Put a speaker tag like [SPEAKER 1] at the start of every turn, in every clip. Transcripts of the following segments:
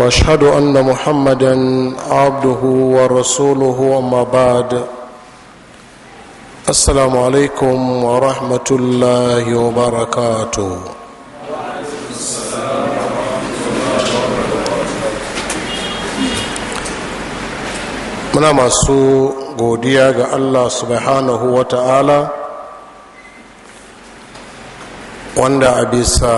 [SPEAKER 1] واشهد ان محمدا عبده ورسوله اما بعد السلام عليكم ورحمه الله وبركاته muna masu godiya ga allah subhanahu wa ta'ala wanda a bisa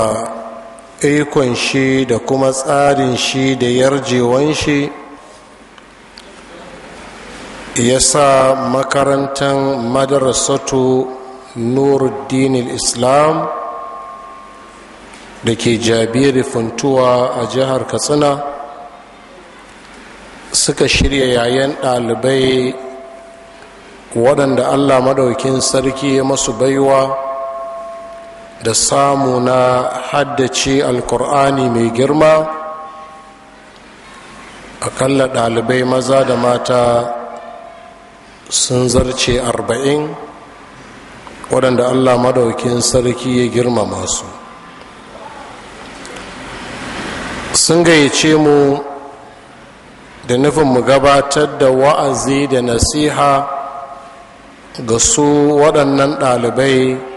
[SPEAKER 1] ikon shi da kuma tsarin shi da yarjewan shi ya sa makarantar madarasatu nuruddin islam da ke jabiri funtuwa a jihar katsina suka shirya yayan ɗalibai waɗanda allah madaukin sarki ya masu baiwa da samu na haddace alkur'ani mai girma akalla ɗalibai maza da mata sun zarce arba'in waɗanda allah madaukin sarki ya girma masu. sun gayyace mu da nufin mu gabatar da wa'azi da nasiha ga su waɗannan ɗalibai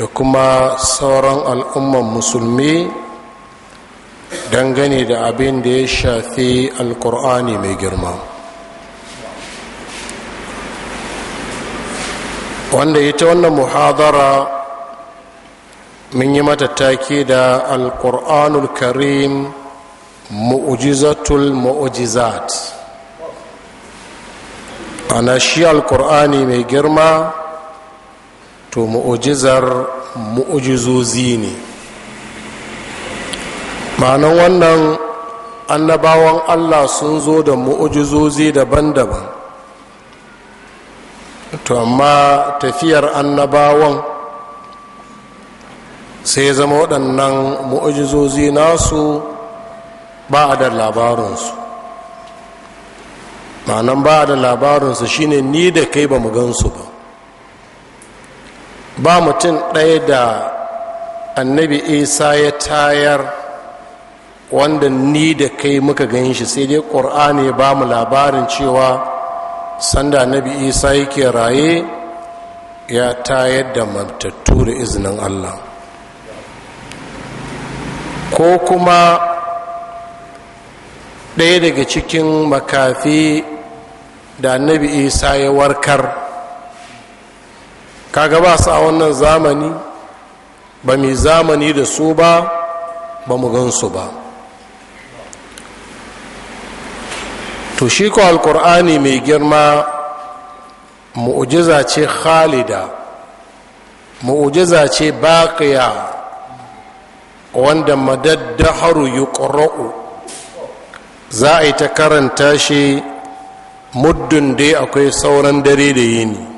[SPEAKER 1] da kuma sauran al'umman musulmi dangane da abin da ya shafi alkur'ani mai girma wanda ita wannan muhadara mun yi mata take da alkur'anul karim mu'ujizatul mu'ujizat ana shi alkur'ani mai girma to mu'ujizar mu'ujizozi ne ma'anan wannan annabawan allah sun zo da mu'ujizozi daban-daban to amma tafiyar annabawan sai zama waɗannan mu'ujizozi nasu ba a da labarinsu ma'anan ba a da labarinsu shine ni da kai ba mu gansu ba ba mutum ɗaya da annabi isa ya tayar wanda ni da kai muka gan shi sai dai ƙur'ani ya ba mu labarin cewa sanda annabi isa yake raye ya tayar da matattu da izinin allah ko kuma ɗaya daga cikin makafi da annabi isa ya warkar kaga ba su a wannan zamani ba mai zamani da su ba ba mu gansu ba to shi ko alkur'ani mai girma mu'ujiza ce khalida mu'ujiza ce baqiya wanda madaddaharu yuqra'u za a yi ta karanta shi muddin dai akwai sauran dare da yini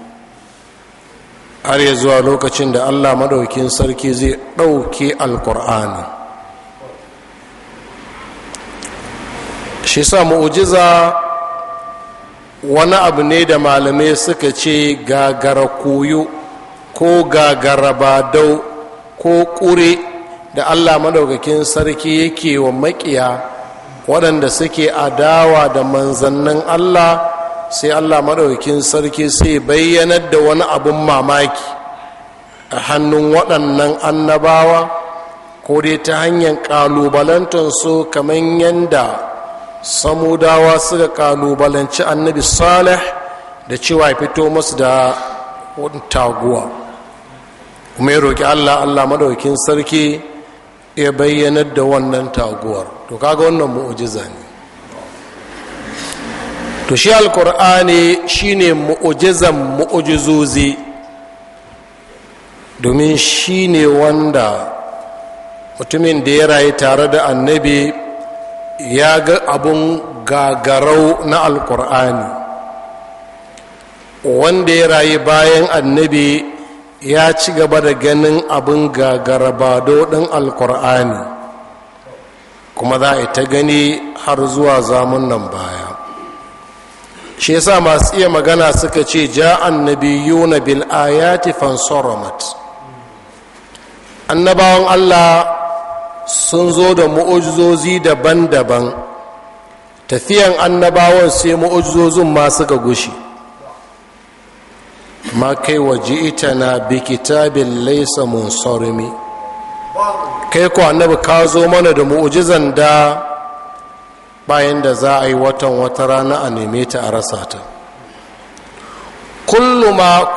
[SPEAKER 1] har ya zuwa lokacin da allah maɗaukin sarki zai ɗauke alkur'ani shi sa mu'ujiza wani abu ne da malamai suka ce gagara koyo ko gagara dau ko ƙure da allah maɗaukakin sarki yake wa maƙiya waɗanda suke adawa da manzannin allah sai allah maɗaukin sarki sai bayyanar da wani abun mamaki a hannun waɗannan annabawa ko dai ta hanyar ƙalubalantarsu kamar yadda samudawa suka ƙalubalanci annabi salih da cewa fito masu da taguwa kuma ya roƙi allah allah maɗaukin sarki ya bayyanar da wannan taguwar to kaga wannan mu'ujiza ne to shi alkur'ani shine mu'ujizan mu'ujizozi domin shine wanda mutumin da ya rayu tare da annabi ya ga abun gagarau na alkur'ani wanda ya rayu bayan annabi ya ci gaba da ganin abin gagarabado ɗin alkur'ani kuma za a ta gani har zuwa zamun nan baya shi yasa masu iya magana suka ce ja'an nabiyuna bil ayati fansoromat annabawan Allah sun zo da mu'ujizozi daban-daban tafiyan annabawan sai mu'ujizozin ma suka gushi ma kai waje ita na bi kitabin laisa mun kai ko annabi ka zo mana da mu'ujizan da bayan da za a yi watan wata rana a neme ta a rasa ta kullama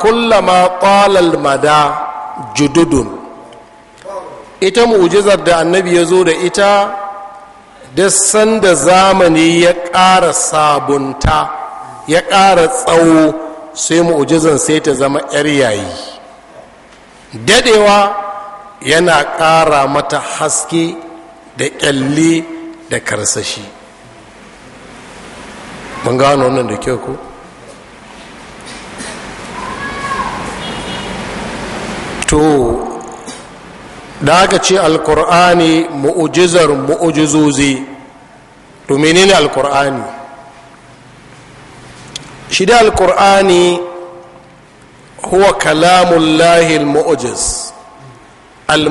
[SPEAKER 1] ƙwalal mada jududun ita mu'jizar da annabi ya zo da ita duk sanda zamani ya ƙara sabunta ya ƙara tsawo sai mu'jizar sai ta zama 'yar yayi dadewa yana ƙara mata haske da ƙyalle da karsashi mun gano wannan da kyau ko to da aka ce alkur'ani mu'ujizar mu'ujizozi to menene alkur'ani shi da alkur'ani huwa kalamun lahil muujiz al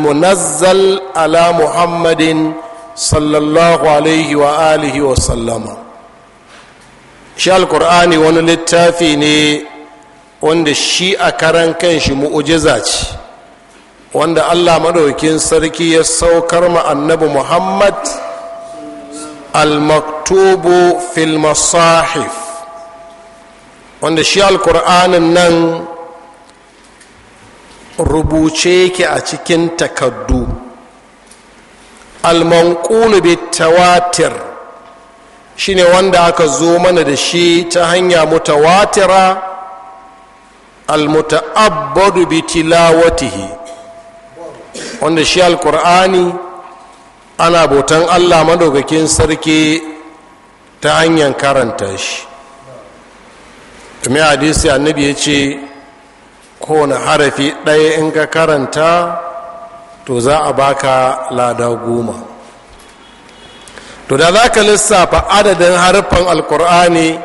[SPEAKER 1] ala muhammadin sallallahu alaihi wa alihi wa sallama shi alkur'ani wani littafi ne wanda shi a karan kanshi mu'ujiza ce wanda allah maɗaukin sarki ya saukar ma annabi muhammad al-maktubu fil masahif wanda shi alkur'anin nan rubuce yake a cikin takaddu al-manqulu bit tawatir shine wanda aka zo mana da shi ta hanya mutawatira almuta'abbadu bi tilawatihi wanda shi alkur'ani ana botan allah madaukakin sarki ta hanyar karanta shi domin hadisi annabi ya ce kowane harafi ɗaya in ka karanta to za a baka lada goma to da za ka lissafa adadin harfan alkur'ani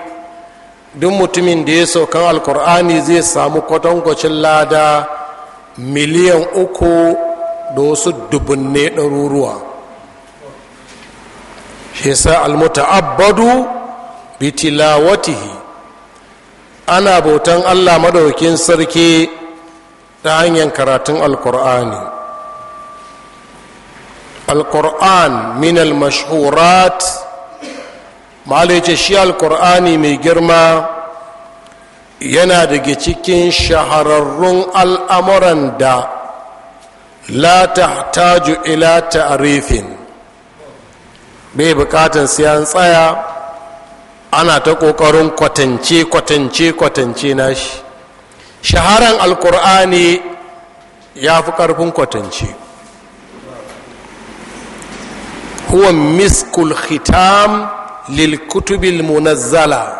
[SPEAKER 1] duk mutumin da ya saukan alkur'ani zai samu kwatankwacin lada miliyan uku da wasu dubunne ɗaruruwa shi sa abadu bitilawatihi ana bautan allah madaukin sarki ta hanyar karatun alkur'ani alkur'an minal almashhurat ce shi alkur'ani mai girma yana daga cikin shahararrun al'amuran da la tahtaju ila ta'rifin bai bukatan sai an tsaya ana ta ƙoƙarin kwatance kwatance kwatance na shi. shaharan alkur'ani ya fi ƙarfin kwatance huwa miskul hitam lil kutubil munazzala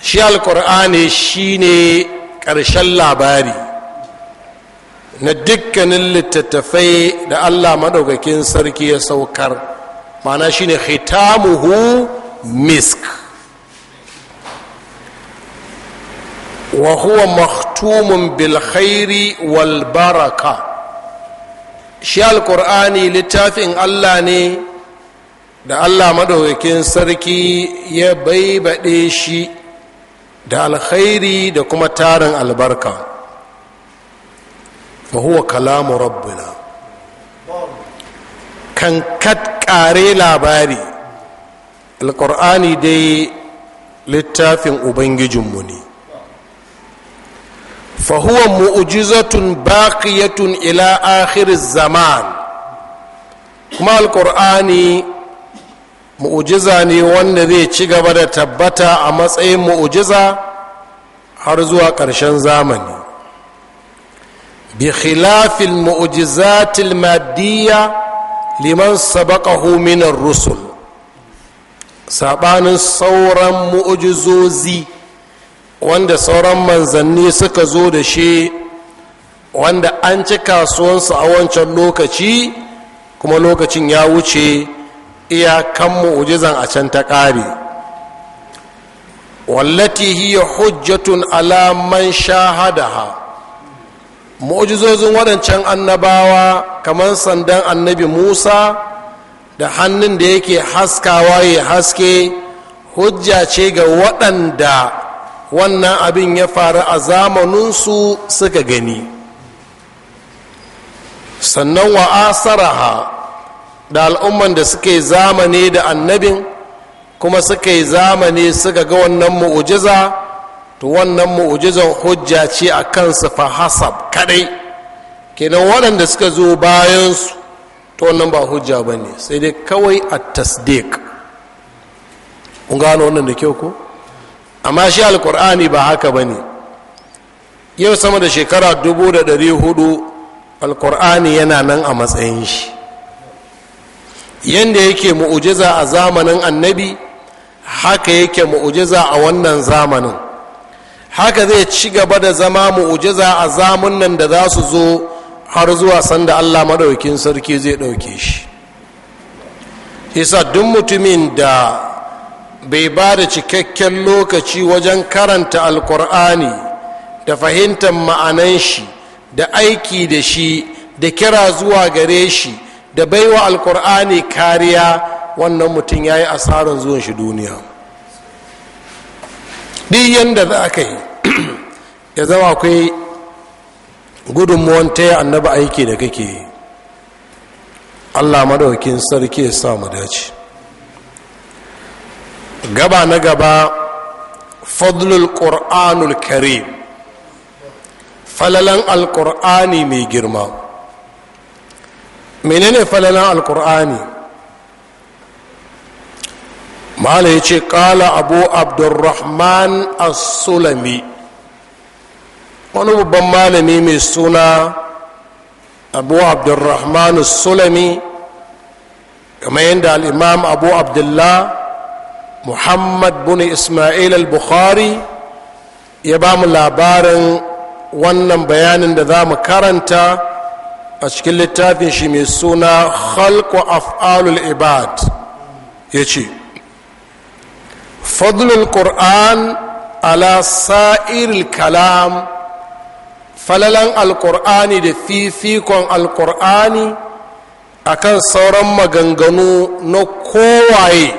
[SPEAKER 1] shi alkur'ani shine ƙarshen labari na dukkanin littattafai da allah maɗaukakin sarki ya saukar mana shine khitamuhu misk wa huwa maktumun bil khairi wal baraka shi alkur'ani littafin allah ne da allah madaukakin sarki ya baibaɗe shi da alkhairi da kuma tarin albarka fahuwa kalamu rabbina kan katkare labari alkur'ani dai littafin ubangijinmu ne fahuwa mu'ujizatun baqiyatun ila akhir zaman kuma Alƙur'ani mu'ujiza ne wanda zai ci gaba da tabbata a matsayin mu'ujiza har zuwa ƙarshen zamani bi khilafil mu'ujizatil maddiya liman sabaqahu min rusul Saɓanin sauran mu'ujizozi wanda sauran manzanni suka zo da shi wanda an ci kasuwansu a wancan lokaci kuma lokacin ya wuce iyakan mu'ujizan a can ta ƙare wallati hiya hujjatun ala man shahadaha mu'ujizozin waɗancan annabawa kamar sandan annabi musa da hannun da yake haskawa ya haske hujja ce ga waɗanda wannan abin ya faru a zamaninsu suka gani sannan wa asaraha da al'umman da suka yi zamani da annabin kuma suka yi zamani suka ga wannan mu'ujiza to wannan mu'ujizan hujja ce a kansu fa hasab kadai kenan waɗanda suka zo bayansu to wannan ba hujja ba ne sai dai kawai a tasdik kun gano wannan da kyau ko? amma shi alkur'ani ba haka ba ne yau sama da shekara dubu da ɗari hudu alkur'ani yana nan a matsayin shi yadda yake mu'ujiza a zamanin annabi haka yake mu'ujiza a wannan zamanin haka zai ci gaba da zama mu'ujiza a nan da za su zo har zuwa sanda allah maɗaukin sarki zai ɗauke shi isa duk mutumin da bai ba da cikakken lokaci wajen karanta alkur'ani da fahimtar ma'anan shi da aiki da shi da kira zuwa gare shi da baiwa alkur'ani kariya wannan mutum ya yi asarar zuwan shi duniya duk yadda za ka yi ya zama akwai gudunmuwan yi annaba aiki da kake yi allah madaukin sarki ya sa mu dace gaba na gaba fadlul ƙur'anul karim falalan alƙur'ani mai girma menene falalan alƙur'ani mala ya ce ƙala abu abdurrahman as-sulami wani babban malami mai suna abu abdurrahman as-sulami kamar yadda al'imam abu abdullah muhammad bin ismail al-bukhari ya ba mu labarin wannan bayanin da za mu karanta a cikin littafin shi mai suna khalqu af'alul ibad ya ce fadlul qur'an ala sa'iril kalam falalan alkur'ani da fifikon alkur'ani akan sauran maganganu na kowaye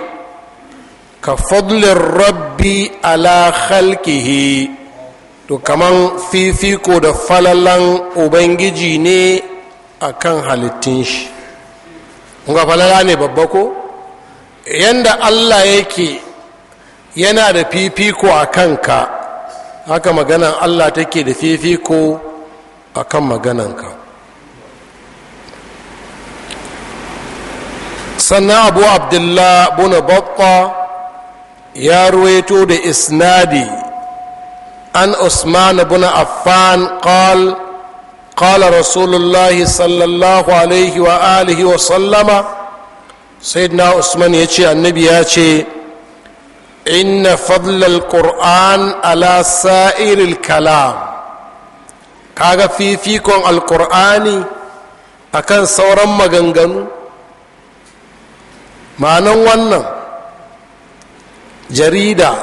[SPEAKER 1] ka fadlin rabbi ala khalqihi to kaman fifiko da falalan ubangiji ne akan halittun shi ga falala ne babba ko yanda allah yake yana da fifiko a kanka haka maganan allah take da fifiko a kan magananka sannan abu abdullah buna babba ya ruwaito da isnadi an usman ibn affan qal qala rasulullahi sallallahu alaihi wa alihi wa sallama sayyidina usman ya ce annabi ya ce inna fadlal qur'an ala sa'iril kalam kaga fifikon alqur'ani akan sauran maganganu ma'anan wannan jarida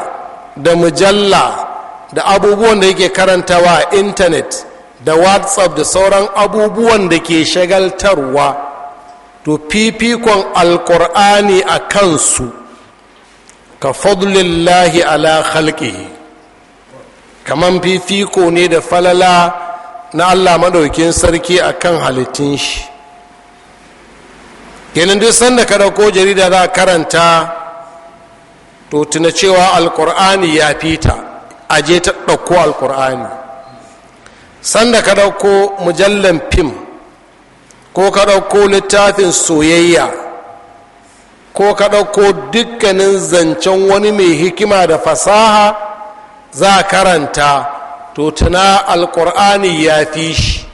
[SPEAKER 1] da mujalla da abubuwan da yake karantawa a intanet da whatsapp da sauran abubuwan da ke shagaltarwa to fifikon alkur'ani a kansu ka fadlillahi ala khalqihi kaman fifiko ne da falala na allah maɗaukin sarki a kan halittun shi kenan duk sanda ka ɗauko jarida za karanta to tuna cewa alkur'ani ya fita aje ta ɗauko alkur'ani sanda ka ɗauko mujallan fim ko ka ɗauko littafin soyayya ko ka ɗauko dukkanin zancen wani mai hikima da fasaha za karanta to tuna alkur'ani ya fi shi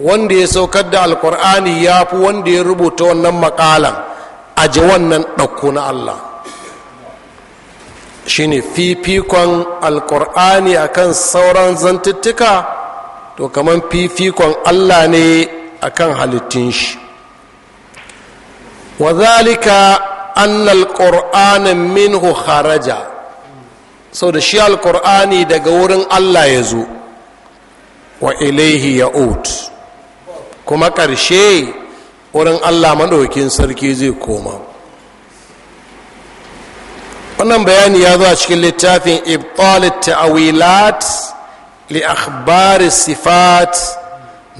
[SPEAKER 1] wanda ya saukar da alkur'ani ya fi wanda ya rubuta wannan makalan ji wannan ɗauko na allah shine fifikon alkur'ani akan sauran zantuttuka to kamar fifikon allah ne akan halittun shi wazalika annal alkur'ani minhu haraja, sau da shi alkur'ani daga wurin allah ya zo wa ilaihi ya'ud kuma ƙarshe wurin allah maɗaukin sarki zai koma wannan bayani ya zo a cikin littafin ibtal ta'wilat li akhbar sifat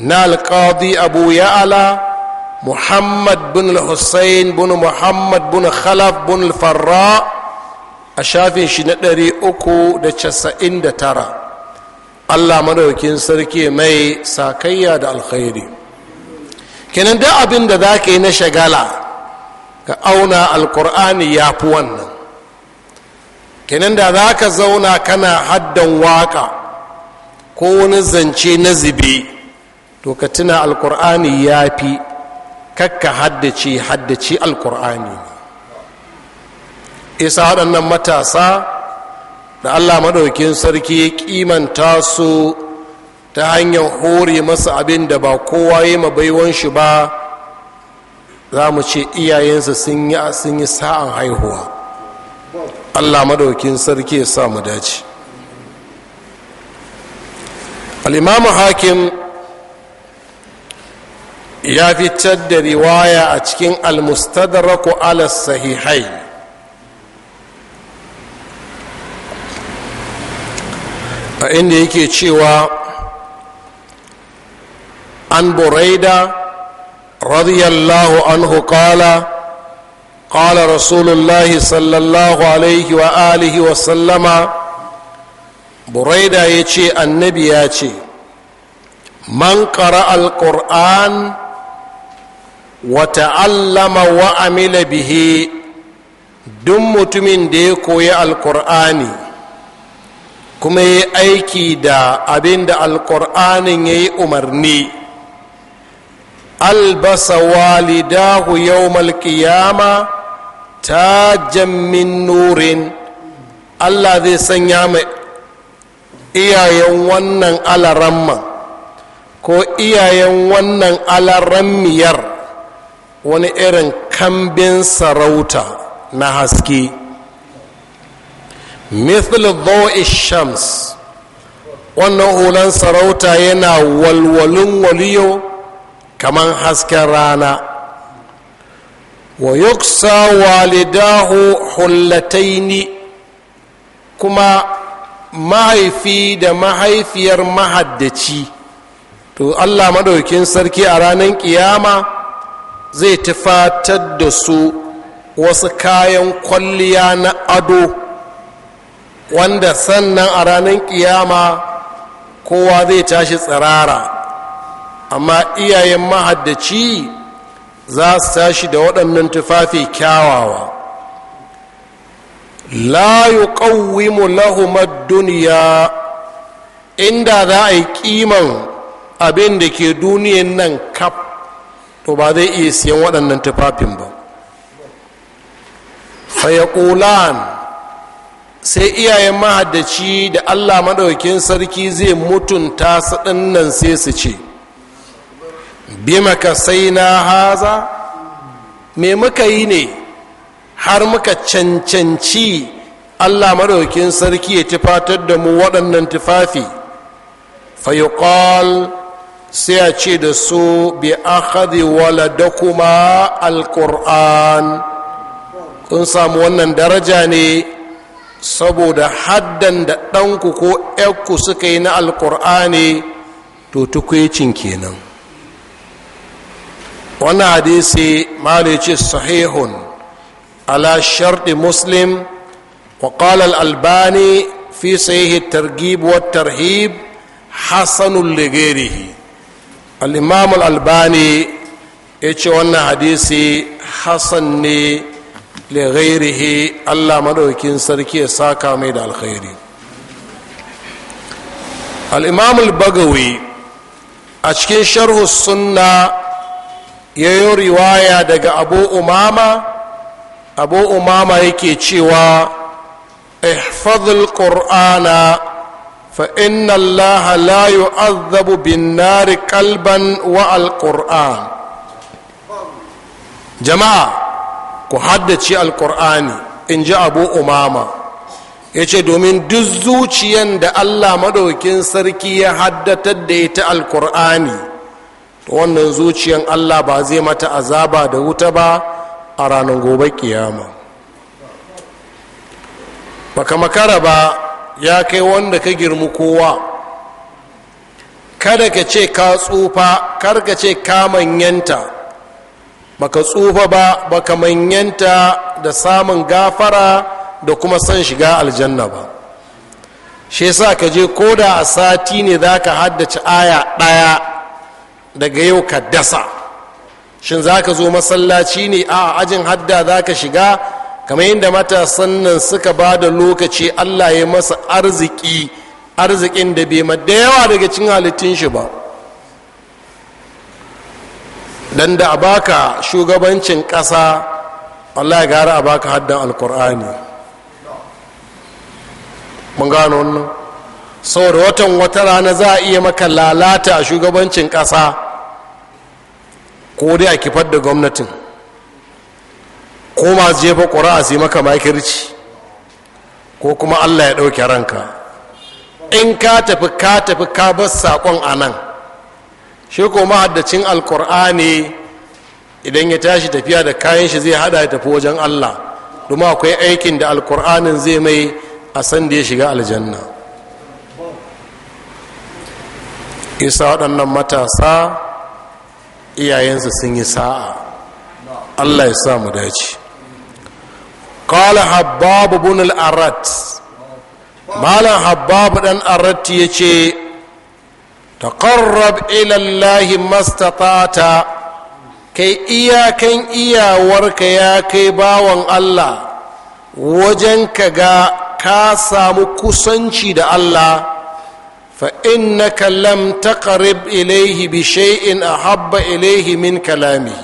[SPEAKER 1] na alqadi abu ya'ala muhammad bin al-husayn bin muhammad bin khalaf bin al-farra a shafin shi na 399 allah madaukin sarki mai sakayya da alkhairi kenan da abin da za ka yi na shagala ka auna alkur'ani ya fi wannan kenan da za ka zauna kana haddan waka ko wani zance na zube to ka tuna alkur'ani ya fi kakka haddace haddace alkur'ani isa waɗannan matasa da allah maɗaukin sarki ya kimanta su ta hanyar hore masa abin da ba kowa yi baiwan shi ba za mu ce iyayensa sun yi sa'an haihuwa allah madaukin sarki ya sa mu dace al'imamu hakim ya fitar da riwaya a cikin almustadraku ala sahihai a inda yake cewa an buraida radiyallahu anhu qala قال رسول الله صلى الله عليه وآله وسلم بريدة يتشي النبي يتشي من قرأ القرآن وتعلم وعمل به duk mutumin da ya koyi alkur'ani kuma ya aiki da abin da alkur'anin ya yi umarni albasa walidahu yawmal qiyama tajjan min nurin allah zai sanya mai iyayen wannan alaramman ko iyayen wannan alarammiyar wani irin kambin sarauta na haske mithil dhawi shams wannan hulan sarauta yana walwalin waliyo kamar hasken rana wa yuksa walidahu hullataini kuma mahaifi da mahaifiyar mahaddaci to allah maɗaukin sarki a ranar ƙiyama zai tufatar da su wasu kayan kwalliya na ado wanda sannan a ranar ƙiyama kowa zai tashi tsirara amma iyayen mahaddaci za su tashi da waɗannan tufafi kyawawa la yuqawwimu lahum ad-dunya inda za a yi kiman abin da ke duniyan nan kaf to ba zai iya siyan waɗannan tufafin ba fayaqulan sai iyayen mahaddaci da allah maɗaukin sarki zai mutunta su ɗinnan sai su ce bima ka sai na haza me muka yi ne har muka cancanci allah maraukin sarki ya tufatar da mu waɗannan tufafi fayuqal sai a ce da su bi wala da kuma alƙur'an kun samu wannan daraja ne saboda haddan da ɗanku ko ku suka yi na alkur'ani to tukwecin kenan wannan hadisi malu ce sahihun ala sharti muslim wa albani fi sahihi targhib wa tarhib hasanul ligerihi al-imam al-albani ya ce wannan hadisi hasan ne ligerihi allah madaukin sarki ya saka mai da alkhairi al-imam al-bagawi a cikin sharhu sunna ya yi riwaya daga abu umama abu umama yake cewa ihfazul qur'ana fa inna allaha la yu'adhabu bin nari kalban wa alqur'an jama'a ku haddace alqur'ani in ji abu umama ya domin duk zuciyan da allah madaukin sarki ya haddatar da ita alqur'ani wannan zuciyan allah ba zai mata azaba da wuta ba a ranar gobe kiyama baka makara ba ya kai wanda ka girmi kowa kada ka ce ka tsufa kar ka ce ka manyanta baka tsufa ba baka manyanta da samun gafara da kuma son shiga aljanna ba shi yasa ka je koda a sati ne za ka haddace aya ɗaya daga yau ka dasa shin za ka zo masallaci ne a ajin hadda za ka shiga kamar yadda matasan nan suka ba da lokaci allah ya masa arziki arzikin da bai da yawa daga cin halittun shi ba dan da a baka shugabancin ƙasa allah gara a baka haddan alkur'ani mun gano wannan saboda watan wata rana za a iya maka lalata a shugabancin ƙasa ko dai a kifar da gwamnatin ko masu jefa ƙura'a su yi maka makirci ko kuma allah ya ɗauke ranka in ka tafi ka tafi ka bar saƙon a nan shi ko mahaddacin alkur'ani idan ya tashi tafiya da kayan shi zai hada ya tafi wajen allah domin akwai aikin da alkur'anin zai mai a san da ya shiga aljanna isa waɗannan matasa iyayensa sun yi sa'a allah ya sa mu dace qala habbab ibn al-arat malam habbab dan arat yace taqarrab ilallahi allah mastata'ta kai iyakan iyawarka ya kai bawan allah wajen ka ga ka samu kusanci da allah فإنك لم تقرب إليه بشيء أحب إليه من كلامه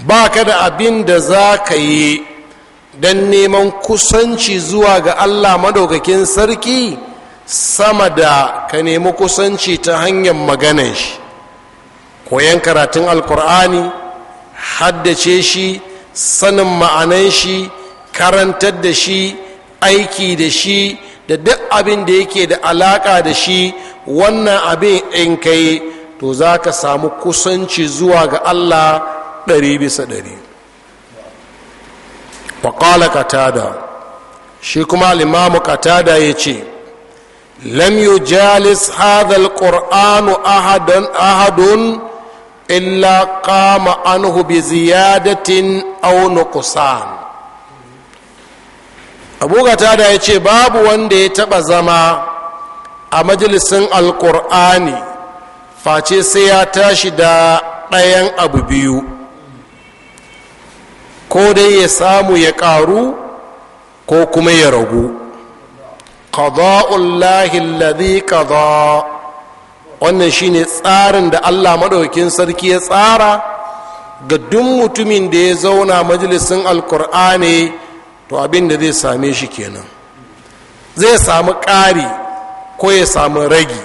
[SPEAKER 1] باك دا أبين دا زاكي دن نيمان كسنشي زواغ الله مدوغ كين سركي سمدا كنيمو كسنشي تهنيا مغنش koyan karatun alkur'ani haddace shi sanin ma'anan shi karantar da shi aiki da shi da duk abin da yake da alaka da shi wannan abin in kai to za ka samu kusanci zuwa ga allah ɗari bisa ɗari faƙala katada shi kuma limamu katada ya ce lam jalis hadal qur'anu ahadan ahadun illa qama anhu bi ziyadatin aw abu da ya ce babu wanda ya taba zama a majalisin alkur'ani face sai ya tashi da ɗayan abu biyu ko dai ya samu ya ƙaru ko kuma ya ragu qada'ullahi alladhi qada wannan shine tsarin da Allah maɗaukin sarki ya tsara ga duk mutumin da ya zauna majalisin alkur'ani to abin da zai same shi kenan zai samu ƙari ko ya samu ragi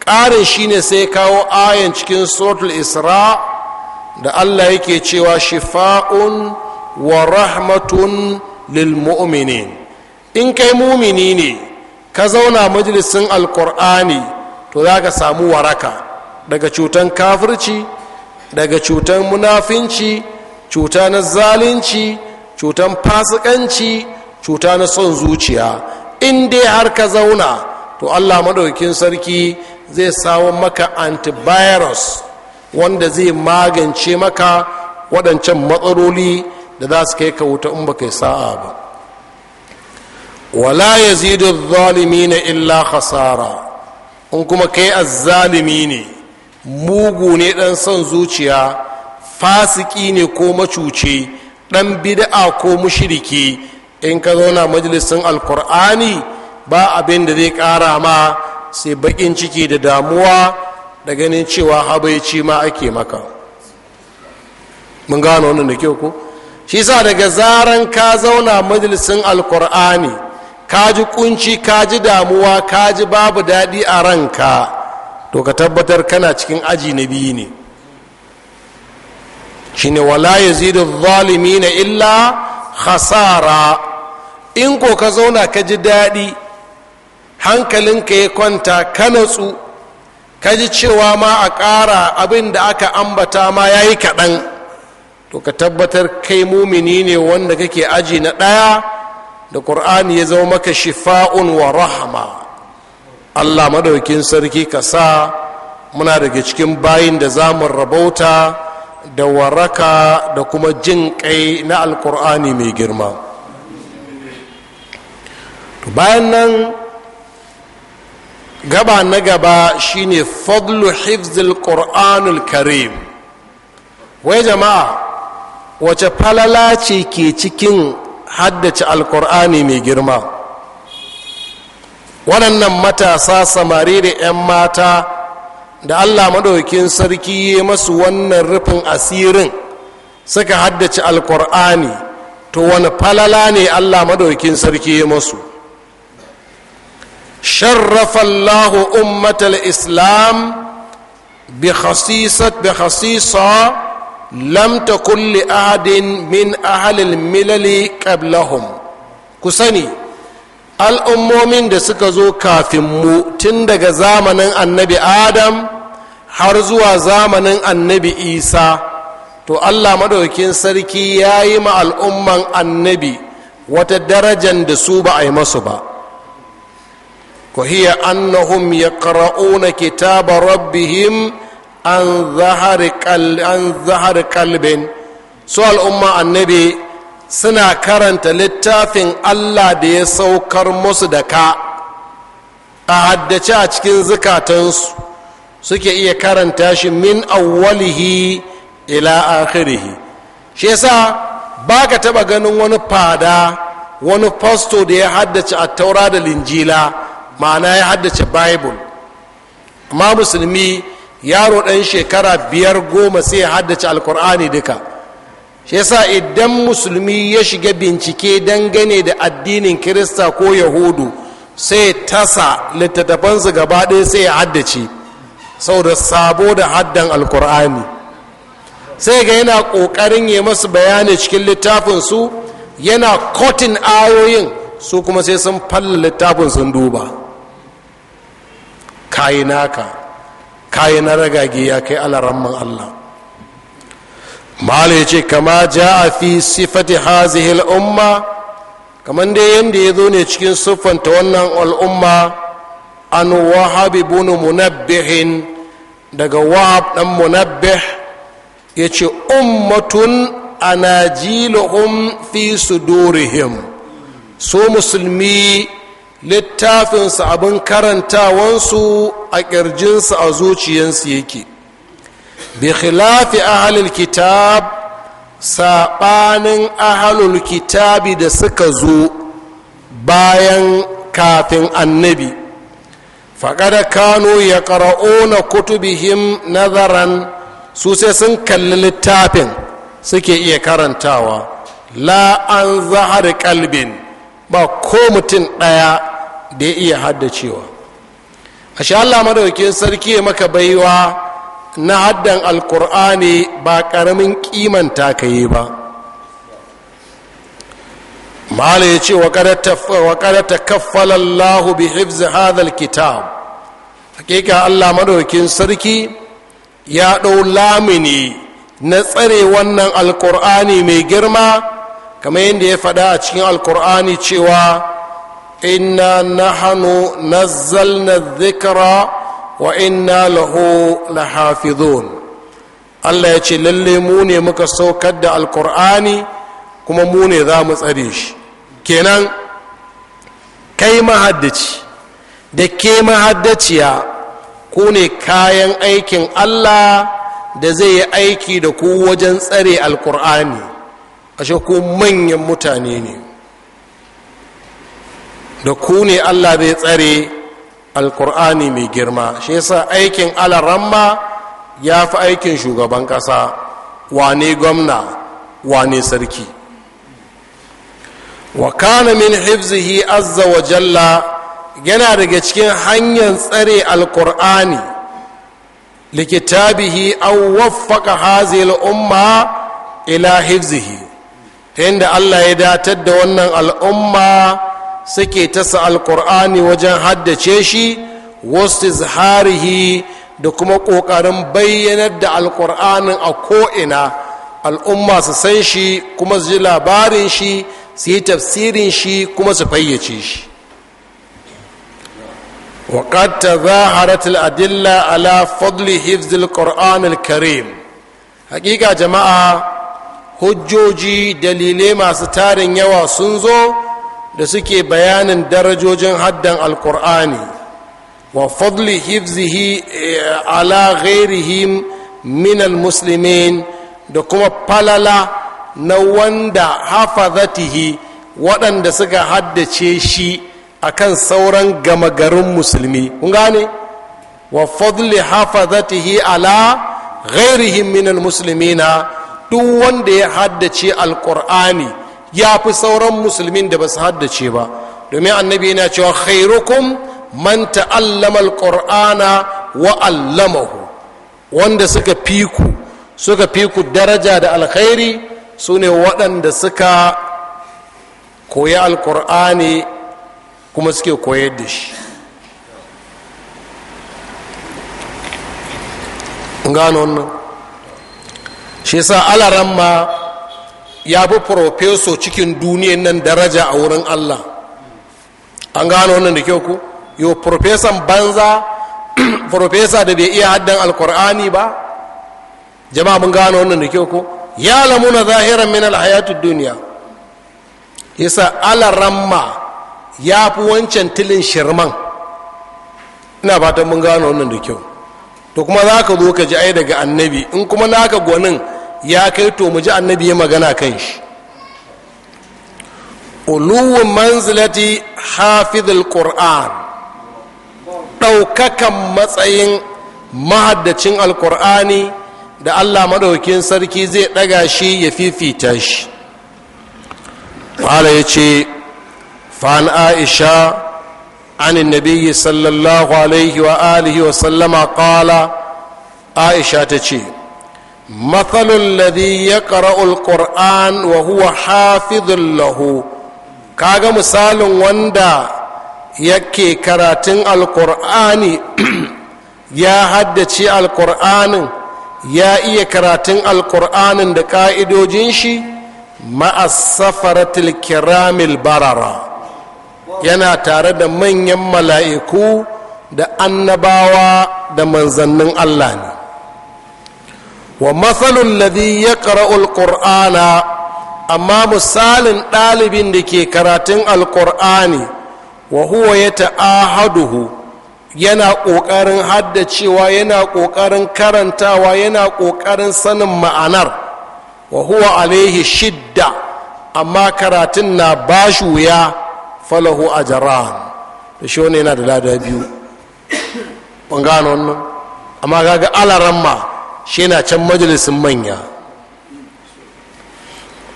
[SPEAKER 1] ƙarin shine sai kawo ayan cikin sotul isra da allah yake cewa shifa'un wa rahmatun lil in kai mumini ne ka zauna majalisin alkur'ani to za ka samu waraka daga cutan kafirci daga cutan munafinci cuta na zalunci cutan fasikanci cuta na son zuciya in dai har ka zauna to allah maɗaukin sarki zai samu maka antivirus wanda zai magance maka waɗancan matsaloli da za su kai ka wuta in ba kai sa'a ba wala ya zidu zalimi na illa khasara in kuma kai azzalimi ne mugu ne ɗan son zuciya fasiki ne ko macuce ɗan bid'a ko mushiriki in ka zauna majalisin alkur'ani ba abin da zai ƙara ma sai bakin ciki da damuwa da ganin cewa habaici ma ake maka mun gano wannan da kyau ko shi sa daga zaran ka zauna majalisin alkur'ani ka ji kunci ka ji damuwa ka ji babu daɗi a ranka to ka tabbatar kana cikin aji na biyu ne shine wala yazidu na illa hasara. in ko ka zauna ka ji daɗi hankalinka ya kwanta ka natsu ka ji cewa ma a ƙara abin da aka ambata ma ya yi kaɗan to ka tabbatar kai mumini ne wanda kake aji na ɗaya da ƙur'ani ya zama maka shifa'un wa rahama allah madaukin sarki ka sa muna daga cikin bayin da za rabauta da waraka da kuma jin kai na alkur'ani mai girma bayan nan gaba na gaba shine fadlu hifzil qur'anul karim wai jama'a wace falala ce ke cikin haddace alkur'ani mai girma waɗannan matasa samari da 'yan mata da allah maɗaukin sarki ya masu wannan rufin asirin suka haddace alkur'ani to wani falala ne allah maɗaukin sarki ya masu sharrafallahu ummatal islam bi khasisa lam takun li ahadin min ahalil milali qablahum ku sani al'ummomin da suka zo kafin mu tun daga zamanin annabi adam har zuwa zamanin annabi isa to allah maɗaukin sarki ya yi ma al'umman annabi wata darajar da su ba a yi masu ba ko hiya annahum ya ƙara'una kitaba rabbihim an zahar kalbin su al'umma annabi suna karanta littafin allah da ya saukar musu da ka a haddace a cikin zukatansu suke iya karanta shi min awwalihi ila akhirihi shi yasa ka taɓa ganin wani fada wani fasto da ya haddace a taura da linjila ma'ana ya haddace bible amma musulmi yaro ɗan shekara biyar goma sai ya haddace alkur'ani duka shi yasa idan musulmi ya shiga bincike dangane da addinin kirista ko yahudu sai tasa littattafansu gaba ɗaya sai ya haddace sau da sabo da haddan alkur'ani sai ga yana ƙoƙarin ya masu bayani cikin littafinsu yana kotin ayoyin su kuma sai sun falla littafin sun duba kayi naka kayi na ragage ya kai alaramman allah malai ce kama ja a fi sifati hazihil umma kamar dai yadda ya zo ne cikin siffanta wannan al'umma an wahabi bunu munabbihin daga wab ɗan munabbih ya ce ummatun anajilahum fi sudurihim su musulmi littafinsu abin karantawansu a ƙirjinsu a zuciyarsu yake bi khilafi ahalul kitab saɓanin ahalul kitabi da suka zo bayan kafin annabi faƙada kano ya ƙara'ona kutubihim nazaran su sai sun kalli littafin suke iya karantawa la an zahar kalbin ba ko mutum ɗaya da ya iya haddacewa a sha Allah madaukin sarki ya maka baiwa na haddan alkur'ani ba ƙaramin kimanta ka yi ba mala ya ce wa kadata kaffalallahu bi hifzi hadal kitab hakika allah madaukin sarki ya ɗau lamini na tsare wannan alkur'ani mai girma kamar yadda ya faɗa a cikin alkur'ani cewa inna nahanu nazzalna dhikra wa inna lahu lahafizun allah ya ce lalle mu ne muka saukar da alƙur'ani kuma mu ne za mu tsare shi kenan kai mahaddaci da ke mahaddaciya ku ne kayan aikin allah da zai yi aiki da ku wajen tsare alkur'ani ashe ku manyan mutane ne da ku ne allah zai tsare alkur'ani mai girma shi yasa aikin ramma ya fi aikin shugaban ƙasa wane gwamna wane sarki wa kana min hifzihi azza wa jalla yana daga cikin hanyar tsare alkur'ani likitabihi an waffaka hazil umma ila hifzihi ta yadda allah ya datar da wannan al'umma suke tasa alkur'ani wajen haddace shi wasu zaharihi da kuma ƙoƙarin bayyanar da alkur'anin a ko'ina al'umma su san shi kuma su ji labarin shi su yi tafsirin shi kuma su fayyace shi a تظاهرت الأدلة ala fadli حفظ القرآن karim haƙiƙa jama'a hujjoji dalilai masu tarin yawa sun zo da suke bayanin darajojin haddan alƙur'ani wa fadli hifzihi eh, ala ghairihim minal muslimin da kuma falala na wanda hafazatihi waɗanda suka haddace shi akan sauran gama garin musulmi kun gane wa fadli hafazatihi ala ghairihim minal muslimina duk wanda ya haddace alqur'ani ya fi sauran musulmin da ba su haddace ba domin annabi yana cewa khairukum man ta'allama alqur'ana wa 'allamahu wanda suka fiku suka fiku daraja da alkhairi su ne waɗanda suka koyi alkur'ani kuma suke koyar da shi gano wannan shi sa alaran ma ya fi profeso cikin duniyan nan daraja a wurin allah an gano wannan da kyau ku yo profesan banza profesa da bai iya haddan alkur'ani ba jama'a mun gano wannan da kyau ko ya lamuna zahiran min alhayatu duniya yasa ramma ya fi wancan tilin shirman ina fatan mun gano wannan da kyau to kuma za ka zo ka ji ai daga annabi in kuma naka gwanin ya kai to mu ji annabi ya magana kan shi uluwun manzilati hafizul qur'an ɗaukakan matsayin mahaddacin alkur'ani da allah maɗaukin sarki zai ɗaga shi ya fifita shi ƙwala ya ce fa'an aisha anin nabi sallallahu alaihi wa alihi wa sallama ƙala aisha ta ce matsalin ladi ya ƙara'ul ƙur'an wa huwa hafizun lahu kaga misalin wanda yake karatun alkur'ani ya haddace alƙur'anin ya iya karatun alkur'anin da ƙa'idojin shi ma'asafaratul kiramil barara yana tare da manyan mala'iku da annabawa da manzannin Allah ne wa matsalin ladhi ya ƙara'ul ƙur'ana amma misalin ɗalibin da ke karatun alƙur'ani wa huwa ya ta'ahaduhu yana ƙoƙarin haddacewa yana ƙoƙarin karantawa yana ƙoƙarin sanin ma'anar wa huwa alaihi shidda amma karatun na bashi wuya falahu a jara'an da shi wani yana da lada biyu wannan amma gaga alaran ma shi yana can majalisin manya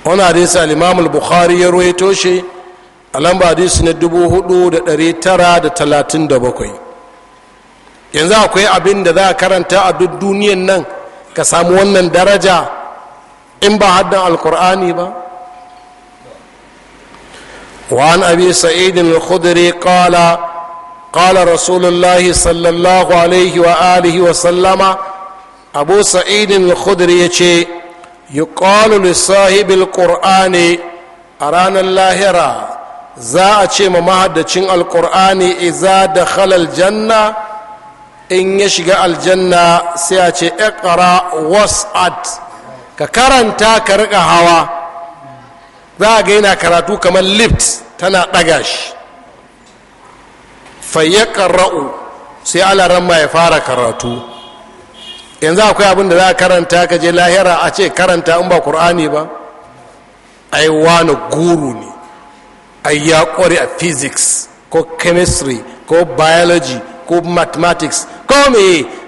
[SPEAKER 1] wani hadisi al-imam al-bukhari ya ruwaito shi a lamba hadisi na 4937 yanzu akwai abin da za a karanta a duk duniyan nan ka samu wannan daraja in ba haddan alkur'ani ba وعن أبي سعيد الخدري قال قال رسول الله صلى الله عليه وآله وسلم أبو سعيد الخدري يقال لصاحب القرآن أرانا اللاهرة za a ce ma mahaddacin alkur'ani iza da khalal janna in ya shiga aljanna sai a ce ikra was'ad ka karanta ka riƙa hawa za a ga karatu kamar lift tana ɗaga shi fayyakarra'u sai alaran ma ya fara karatu yanzu akwai abin da za a karanta ka je lahira a ce karanta in ba ƙur'ani ba ai wani guru ne ai ya ƙware a physics ko chemistry ko biology ko mathematics ko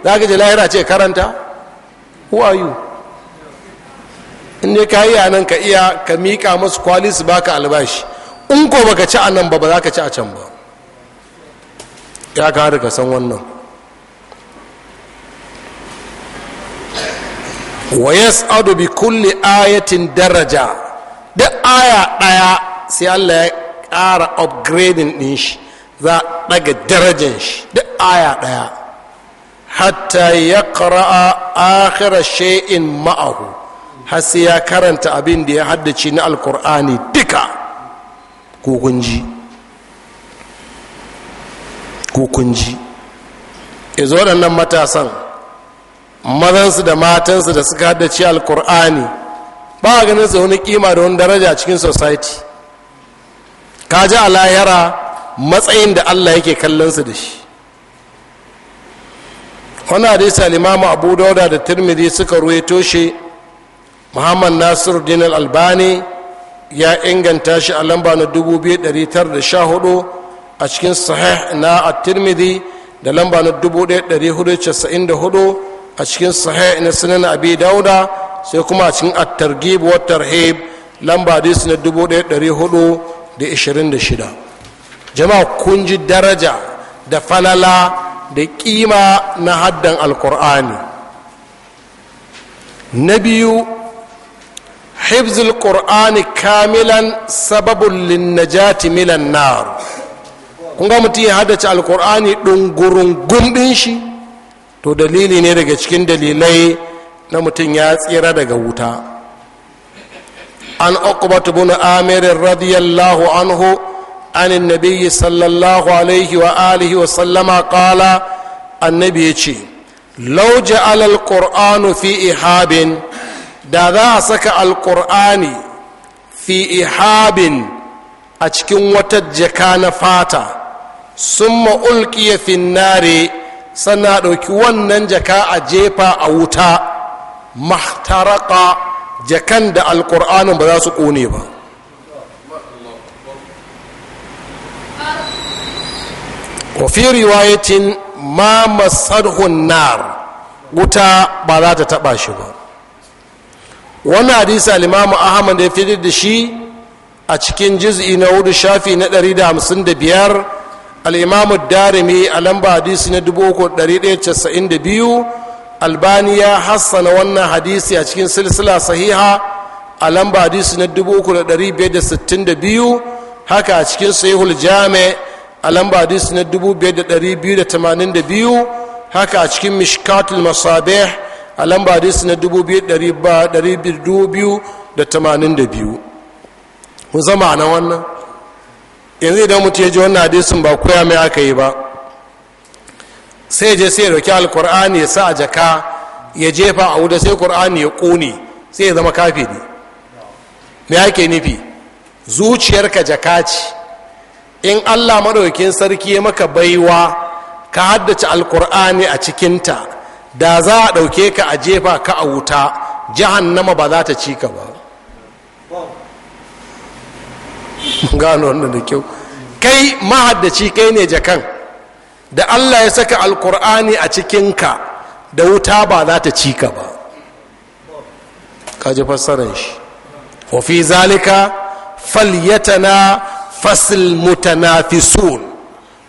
[SPEAKER 1] za ka je lahira ce karanta who are you in ka yi a nan ka iya ka miƙa masu kwali su baka albashi in ko baka ci a nan ba ba za ka ci a can ba ya ka hada ka san wannan wa adu bi kulli ayatin daraja duk aya ɗaya sai Allah ya ƙara upgrading ɗin shi za a ɗaga darajan shi duk aya ɗaya hatta ya ƙara'a akhira shay'in ma'ahu har sai ya karanta abin da ya haddace na alkur'ani duka kukunji. izo waɗannan matasan mazansu da matansu da suka haddace alkur'ani ba a ganin su wani kima da wani daraja cikin society ka ji a lahira matsayin da allah yake kallon su da shi wani hadisa Limamu abu dauda da tirmidhi suka ruwaito shi muhammad nasiru din albani ya inganta shi a lamba na 2914 a cikin sahih na at-tirmidhi da lamba na 1494 a cikin sahih na sunan abi dauda sai kuma a cikin at-targhib wa tarhib lamba hadisi na 1426 jama'a kun ji daraja da falala da kima na haddan alkur'ani na biyu hibzul qur'ani kamilan sababun linnajati milan nar kun ga mutum ya haddace alkur'ani ɗungurin ɗin shi to dalili ne daga cikin dalilai na mutum ya tsira daga wuta an uqbatu bin amir radiyallahu anhu عن النبي صلى الله عليه وآله وسلم قال النبي يشي لو جعل القرآن في إحاب da za a saka alƙur'ani fi ihabin a cikin wata jaka na fata sun ma'ulƙiya finnare sannan ɗauki wannan jaka a jefa a wuta mahtaraka jakan da alkur'anin ba za su ƙone ba wa fi riwayatin ma masarhun nar wuta ba za ta taba shi ba Wani hadisi al-imamu ahmad da ya fitar da shi a cikin jiz'i na hudu shafi na 155 al'imamu darimi a lamba hadisi na 3192 albani ya hassana wannan hadisi a cikin silsila sahiha a lamba hadisi na 3562 haka a cikin sahihul jami' a lamba hadis na 5282 haka a cikin mishkatul masabih a lamba hadis na 2282 kun zama na wannan yanzu idan mutu ya ji wannan hadisun ba koya mai aka yi ba sai je sai ya roƙi alkur'ani ya sa a jaka ya jefa a wuda sai kur'ani ya ƙone sai ya zama kafiri me ake nufi zuciyarka jaka ce in allah maɗaukin sarki ya maka baiwa ka haddace alkur'ani a cikinta da za a ɗauke ka a jefa ka a wuta jahannama ba za ta ci ka ba gano wannan da kyau kai mahaddaci kai ne jakan da allah ya saka alkur'ani a cikinka da wuta ba za ta ci ka ba Ka ji fassarar shi wafi zalika falyatana fasil mutanafisun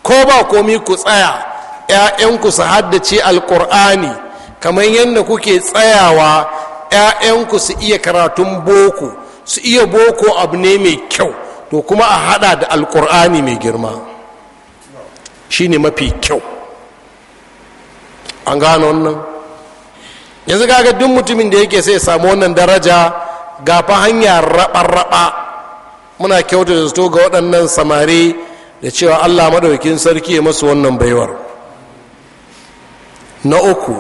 [SPEAKER 1] ko ba komi ku tsaya 'ya'yanku su haddace alkur'ani kamar yadda kuke tsayawa 'ya'yanku su iya karatun boko su iya boko abu ne mai kyau to kuma a hada da alkur'ani mai girma shine mafi kyau an gano wannan yanzu kaga duk mutumin da yake sai ya samu wannan daraja fa hanya raba-raba muna kyauta da zato ga waɗannan samari da cewa allah maɗaukin sarki ya masu wannan baiwar na uku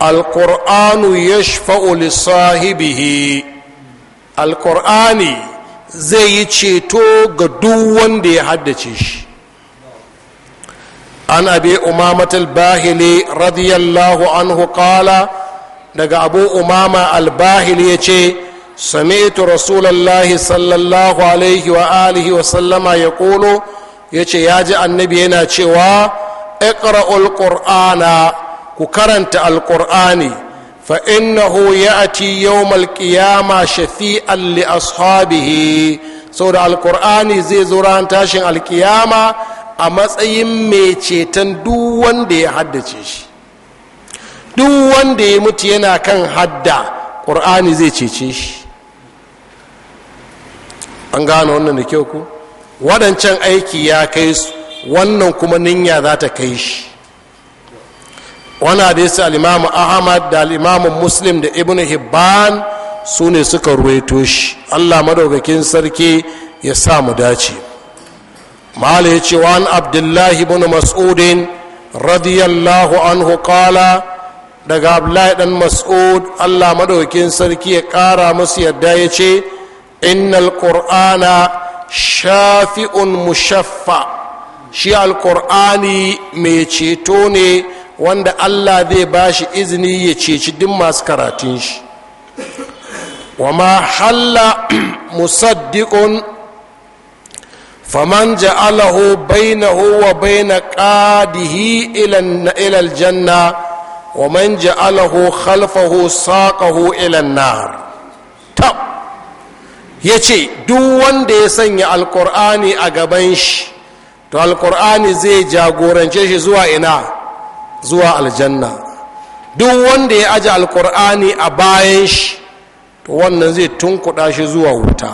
[SPEAKER 1] alƙur'anu ya shafa'uli sahibihi alƙur'ani zai yi ceto ga duk wanda ya haddace shi an abi umamat al radiyallahu anhu kala, daga abu umama al ya ce سمعت رسول الله صلى الله عليه وآله وسلم يقول يجي ياجي النبي هنا چوا اقرأ القرآن ككرنت القرآن فإنه يأتي يوم القيامة شفيئا لأصحابه سورة القرآن زي زوران تاشن القيامة أما matsayin mai ceton duk wanda ya haddace shi duk wanda ya mutu yana kan hadda an gane wannan da kyau ku waɗancan aiki ya kai su wannan kuma ninya za ta kai shi wani hadisi al'imamu ahmad da al'imamu muslim da ibn hibban su ne suka ruwaito shi allah madaukakin sarki ya sa mu dace mala ya ce wani abdullahi ibn mas'udin radiyallahu anhu kala daga abdullahi dan mas'ud allah madaukakin sarki ya kara musu yadda ya ce innal qur'ana shafi'un mushaffa shi alqur'ani mai ceto ne wanda allah zai ba shi izini ya ceci duk masu karatun shi wa ma halla musaddiqun faman ja'alahu bainahu wa baina qadihi ila janna, wa man ja'alahu khalfahu saqahu ila an-nar ya ce duk wanda ya sanya alkur'ani a gaban shi to alkur'ani zai jagorance shi zuwa ina zuwa aljanna duk wanda ya aji alkur'ani a bayan shi to wannan zai tunkuɗa shi zuwa wuta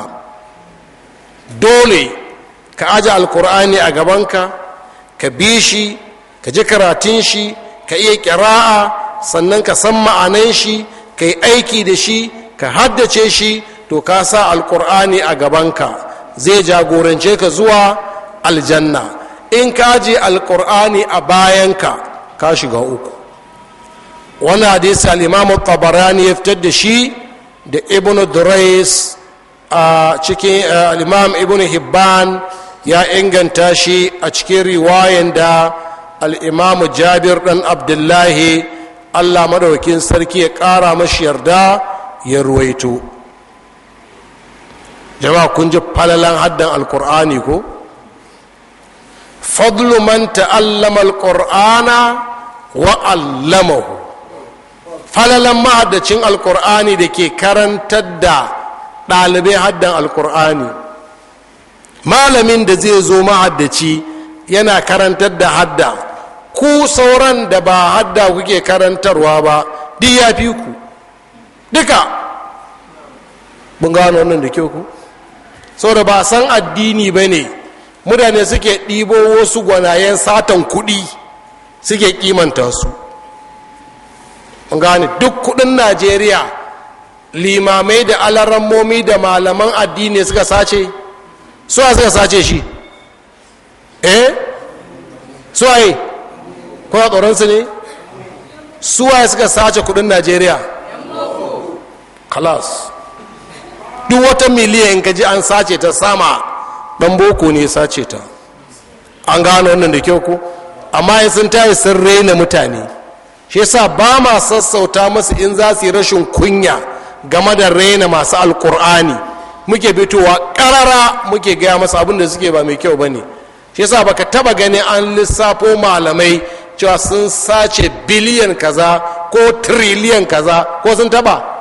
[SPEAKER 1] dole ka aji alkur'ani a gabanka ka bi shi ka ji karatun shi ka iya kira'a sannan ka san ma'anan shi ka yi aiki da shi ka haddace shi to ka sa alkur'ani a gabanka zai jagorance ka zuwa aljanna in ka je alkur'ani a bayanka ka shiga uku wani hadisi al'imamu tabarani ya fitar da shi da ibn durais a cikin al'imam ibn hibban ya inganta shi a cikin riwayan da al'imamu jabir dan abdullahi allah madaukin sarki ya ƙara mashi yarda ya ruwaito jama'a kun ji falalan haddan alkur'ani ko fadlu man ta'allama alqur'ana wa allamahu falalan mahaddacin alkur'ani da ke karantar da ɗalibai haddan alkur'ani malamin da zai zo mahaddaci yana karantar da hadda ku sauran da ba hadda kuke karantarwa ba duk ya fi ku duka mun wannan da kyau ku saboda ba san addini ba ne mutane suke ɗibo wasu gwanayen satan kuɗi suke kimanta su gane duk kuɗin najeriya limamai da alarammomi da malaman addini suka sace suwa suka sace shi eh yi kuna tsoronsu ne suwaye suka sace kuɗin najeriya kalas duk wata miliyan ka an sace ta sama dan boko ne sace ta an gano wannan da kyau ko amma ya sun tayi sun raina mutane shi yasa ba ma sassauta masu in za su yi rashin kunya game da raina masu alkur'ani muke fitowa karara muke gaya masa abin da suke ba mai kyau ba ne shi yasa baka taba gani an lissafo malamai cewa sun sace biliyan kaza ko triliyan kaza ko sun taba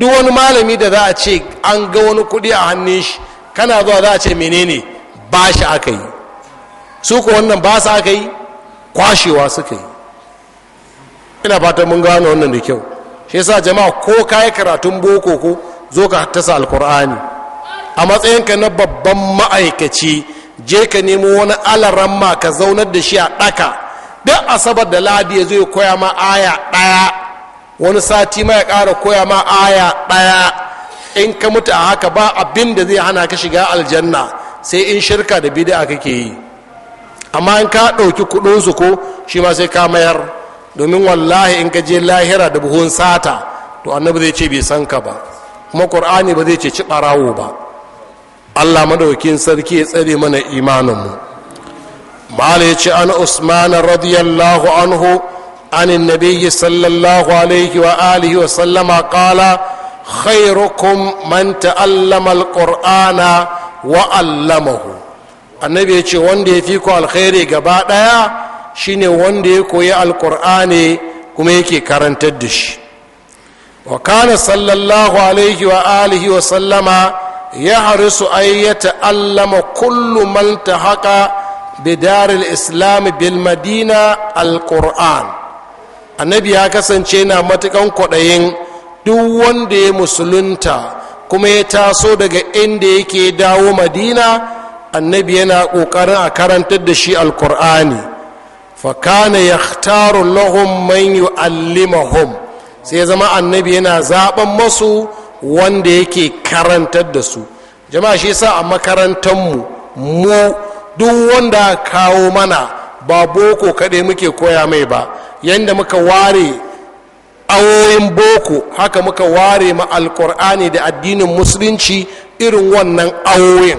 [SPEAKER 1] duk wani malami da za a ce an ga wani kudi a hannun shi kana zuwa za a ce menene ba shi aka yi su ku wannan ba su aka yi kwashewa suka yi ina fata mun gano wannan da kyau shi yasa jama'a ko ka yi karatun boko ko zo ka hattasa alkur'ani a matsayinka na babban ma'aikaci je ka nemo wani alaramma ka zaunar da shi a ɗaka duk asabar da ladi ya zo ya koya ma aya ɗaya wani sati ma ya ƙara koya ma aya ɗaya in ka mutu a haka ba abin da zai hana ka shiga aljanna sai in shirka da bid'a kake yi amma in ka ɗauki kuɗinsu ko shi ma sai ka mayar domin wallahi in ka je lahira da buhun sata to annabi zai ce bai san ka ba kuma ƙur'ani ba zai ce ci ɓarawo ba allah madaukin sarki ya tsare mana imaninmu mala ya ce an usman radiyallahu anhu عن النبي صلى الله عليه وآله وسلم قال خيركم من تعلم القرآن وعلمه annabi ya ce wanda ya fi ku alkhairi gaba ɗaya shine wanda ya koyi alkur'ani kuma yake karantar da shi wa kana sallallahu alaihi wa alihi wa sallama ya harisu ay ya ta'allama kullu man tahaqa bi daril islam bil madina alqur'an annabi ya kasance na matukan kwaɗayin duk wanda ya musulunta kuma ya taso daga inda yake dawo madina annabi yana ƙoƙarin a karantar da shi alkur'ani fakana ya taru lahum man yu'allimahum sai zama annabi yana zaben masu wanda yake karantar da su jama'a shi sa a makarantarmu mu duk wanda kawo mana ba boko kaɗai muke koya mai ba yadda muka ware awoyin boko haka muka ware ma alkur'ani da addinin musulunci irin wannan awoyin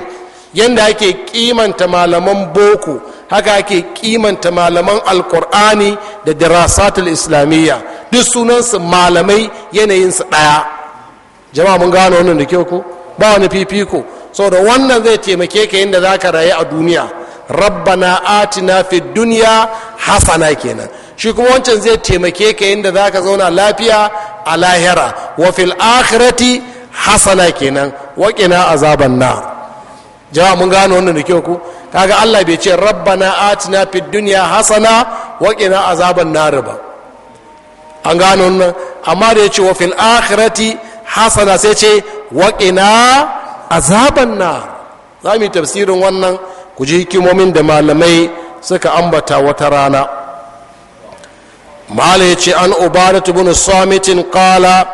[SPEAKER 1] yanda ake kimanta malaman boko haka ake kimanta malaman alkur'ani da dirasatul islamiyya duk sunansu malamai yanayinsu ɗaya jama'a mun gano wannan da kyau ko ba wani fifiko saboda wannan zai taimake ka yadda za ka rayu a duniya rabbana atina fid duniya hasana kenan shi kuma wancan zai taimake ka inda za ka zauna lafiya a lahira wa fil akhirati hasana kenan wa kina azaban na jama'a mun gano wannan da kyau ku kaga Allah bai ce rabbana atina fid dunya hasana wa kina azaban nar ba an gano wannan amma da yace wa fil akhirati hasana sai ce wa kina azaban na za mu yi tafsirin wannan ku ji hikimomin da malamai suka ambata wata rana mala ya ce an ubadat bin samitin kala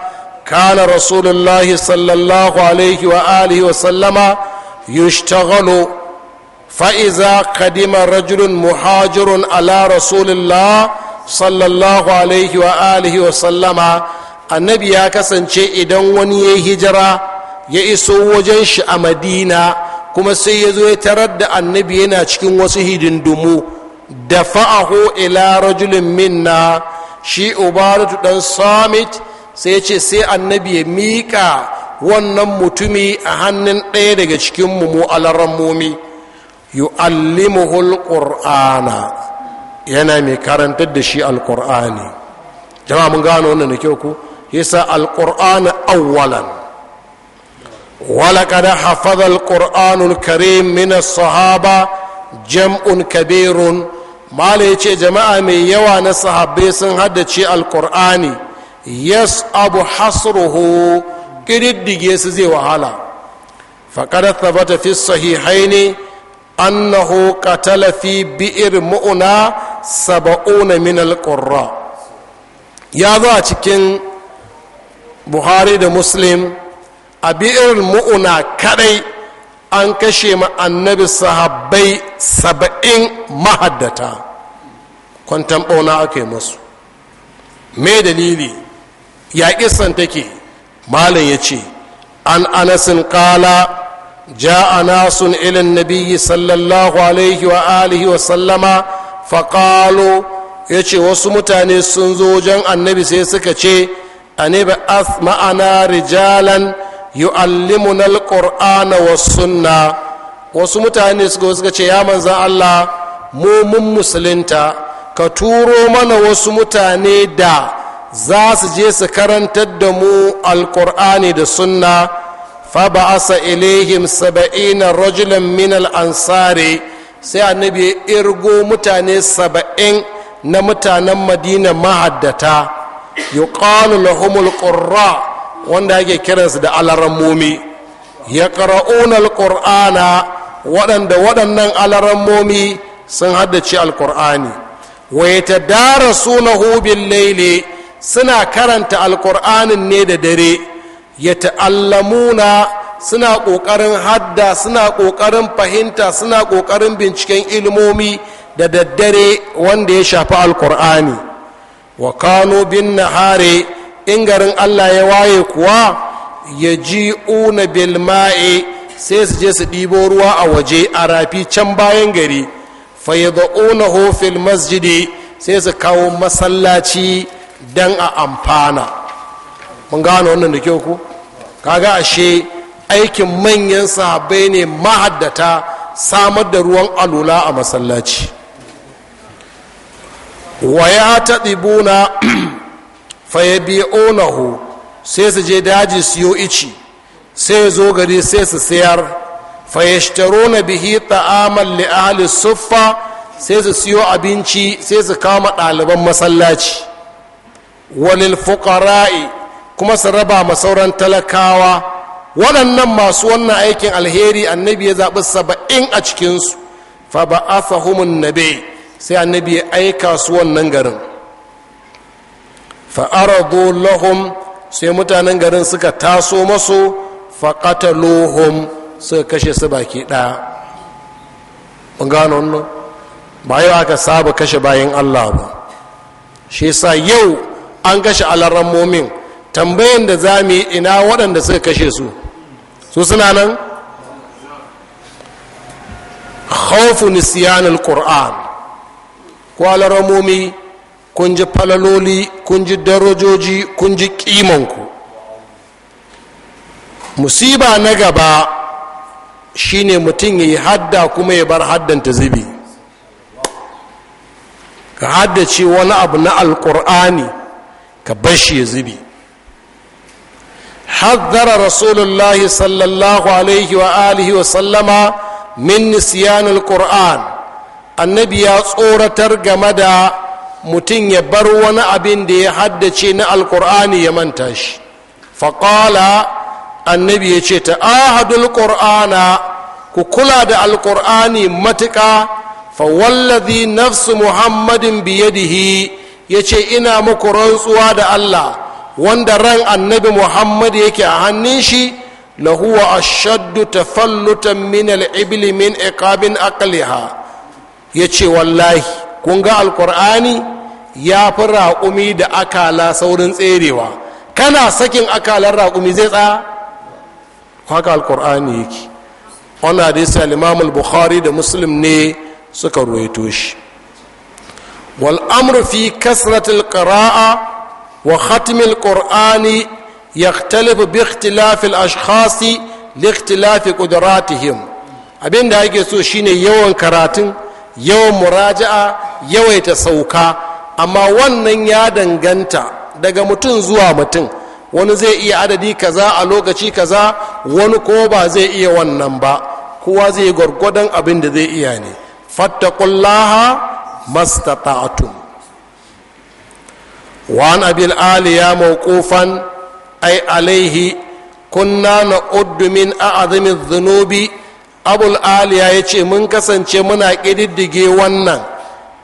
[SPEAKER 1] kana rasulullahi sallallahu alaihi wa alihi wa sallama yushtaghalu fa'iza kadima rajulun muhajirun ala rasulillah sallallahu alaihi wa alihi wa sallama annabi ya kasance idan wani ya hijira ya iso wajen shi a madina kuma sai ya zo ya tarar da annabi yana cikin wasu hidindumu dafa'ahu ila rajulin minna shi ubaratu dan samit sai ce sai annabi ya miƙa wannan mutumi a hannun ɗaya daga cikin mu alaran momi yu'allimuhul qur'ana yana mai karantar da shi alqur'ani jama'a mun gano wannan da kyau ko yasa alqur'ana awwalan walakada hafazal القرآن الكريم من sahaba jam'un kabirun. mala ya ce jama'a mai yawa na sahabbai sun haddace alkur'ani yas abu hasruhu ƙididdige su zai wahala faƙar tabbata fi sahihai ne annahu qatala fi bi'ir mu'una saba'una min alqurra ya zo a cikin buhari da muslim a bi'ir mu'una kadai an kashe ma annabi sahabbai saba'in mahaddata kwantan ɓauna aka yi masu me dalili ya kisan take malam ya ce an anasin kala ilin ناس sallallahu alaihi wa alihi wa sallama faƙalo ya ce wasu mutane sun zo wajen annabi sai suka ce aniba ma'ana rijalan yu'allimuna alqur'ana was sunna wasu mutane suka suka ce ya manzan Allah mu mun musulunta ka turo mana wasu mutane da za su je su karantar da mu alqur'ani da sunna fa ba'asa ilaihim saba'ina rajulan min al-ansari sai annabi ya irgo mutane saba'in na mutanen madina mahaddata yuqalu lahumul qurra wanda ake kiransu da alarammomi ya ƙara'unar ƙor'ana waɗanda waɗannan alarammomi sun haddace alƙur'ani waye ta dara suna hubin laile suna karanta alƙur'anin ne da dare ya ta'allamuna suna ƙoƙarin hadda suna ƙoƙarin fahimta suna ƙoƙarin binciken ilmomi da daddare wanda ya shafi alƙur'ani wa kano bin nahare in garin allah ya waye kuwa ya ji una bilma'e sai su je su ɗibo ruwa a waje a rafi can bayan gari da una hofil masjidi sai su kawo masallaci don a amfana mun gano wannan da kyau ku kaga ashe aikin manyan sahabbai ne mahaddata samar da ruwan alula a masallaci wa ya taɗibuna Onahu sai su je daji siyo ici sai zo gari sai su sayar na bihi ta'amal li ahli suffa sai su siyo abinci sai su kama ɗaliban masallaci walil fuqara'i kuma su raba ma sauran talakawa waɗannan masu wannan aikin alheri annabi ya zaɓi saba'in a cikinsu fa ba a ba'athahumun nabi sai annabi ya aika su wannan garin fa'aradu lahum sai mutanen garin suka taso masu faƙataluhum suka kashe su baki ɗaya ɓun gano wannan ba yau aka saba kashe bayan allah ba shi sa yau an kashe alarran momin da za mu yi ina waɗanda suka kashe su su suna nan khawfu nisiyanin alquran ko kun ji falaloli kun ji darajoji kun ji kimanku musiba na gaba shine mutum ya yi hadda kuma ya bar haddanta zubi ka haddace wani abu na alkur'ani ka shi ya zubi haddara rasulullahi sallallahu alaihi wa alihi wa sallama min nisiyan alkur'an annabi ya tsoratar game da mutum ya bar wani abin da ya haddace na alkur'ani ya manta shi faƙala annabi ya ce ta ahadul ƙur'ana ku kula da alkur'ani matuƙa fawallazi nafsu muhammadin biyadihi ya ce ina muku rantsuwa da allah wanda ran annabi muhammad yake a hannun shi lahuwa ashaddu tafallutan min al'ibli min iqabin aqliha ya ce wallahi kun ga alkur'ani ya fi raƙumi da akala saurin tserewa kana sakin akalar raƙumi zai tsaya haka alkur'ani yake wani hadisi al bukhari da muslim ne suka ruwaito shi wal amru fi kasratil qira'a wa khatmil qur'ani yaktalifu bi ikhtilafil ashkhasi li ikhtilafi qudratihim abinda yake so shine yawan karatun yawan muraja'a yawaita sauka amma wannan ya danganta daga mutum zuwa mutum wani zai iya adadi kaza a lokaci kaza wani ko ba zai iya wannan ba kowa zai gwargwadon abin da zai iya ne fattakullaha mastata'tum وعن أبي ai alaihi kunna na كنا a azumin أعظم Abul-Aliya ya ce mun kasance muna ƙididdige wannan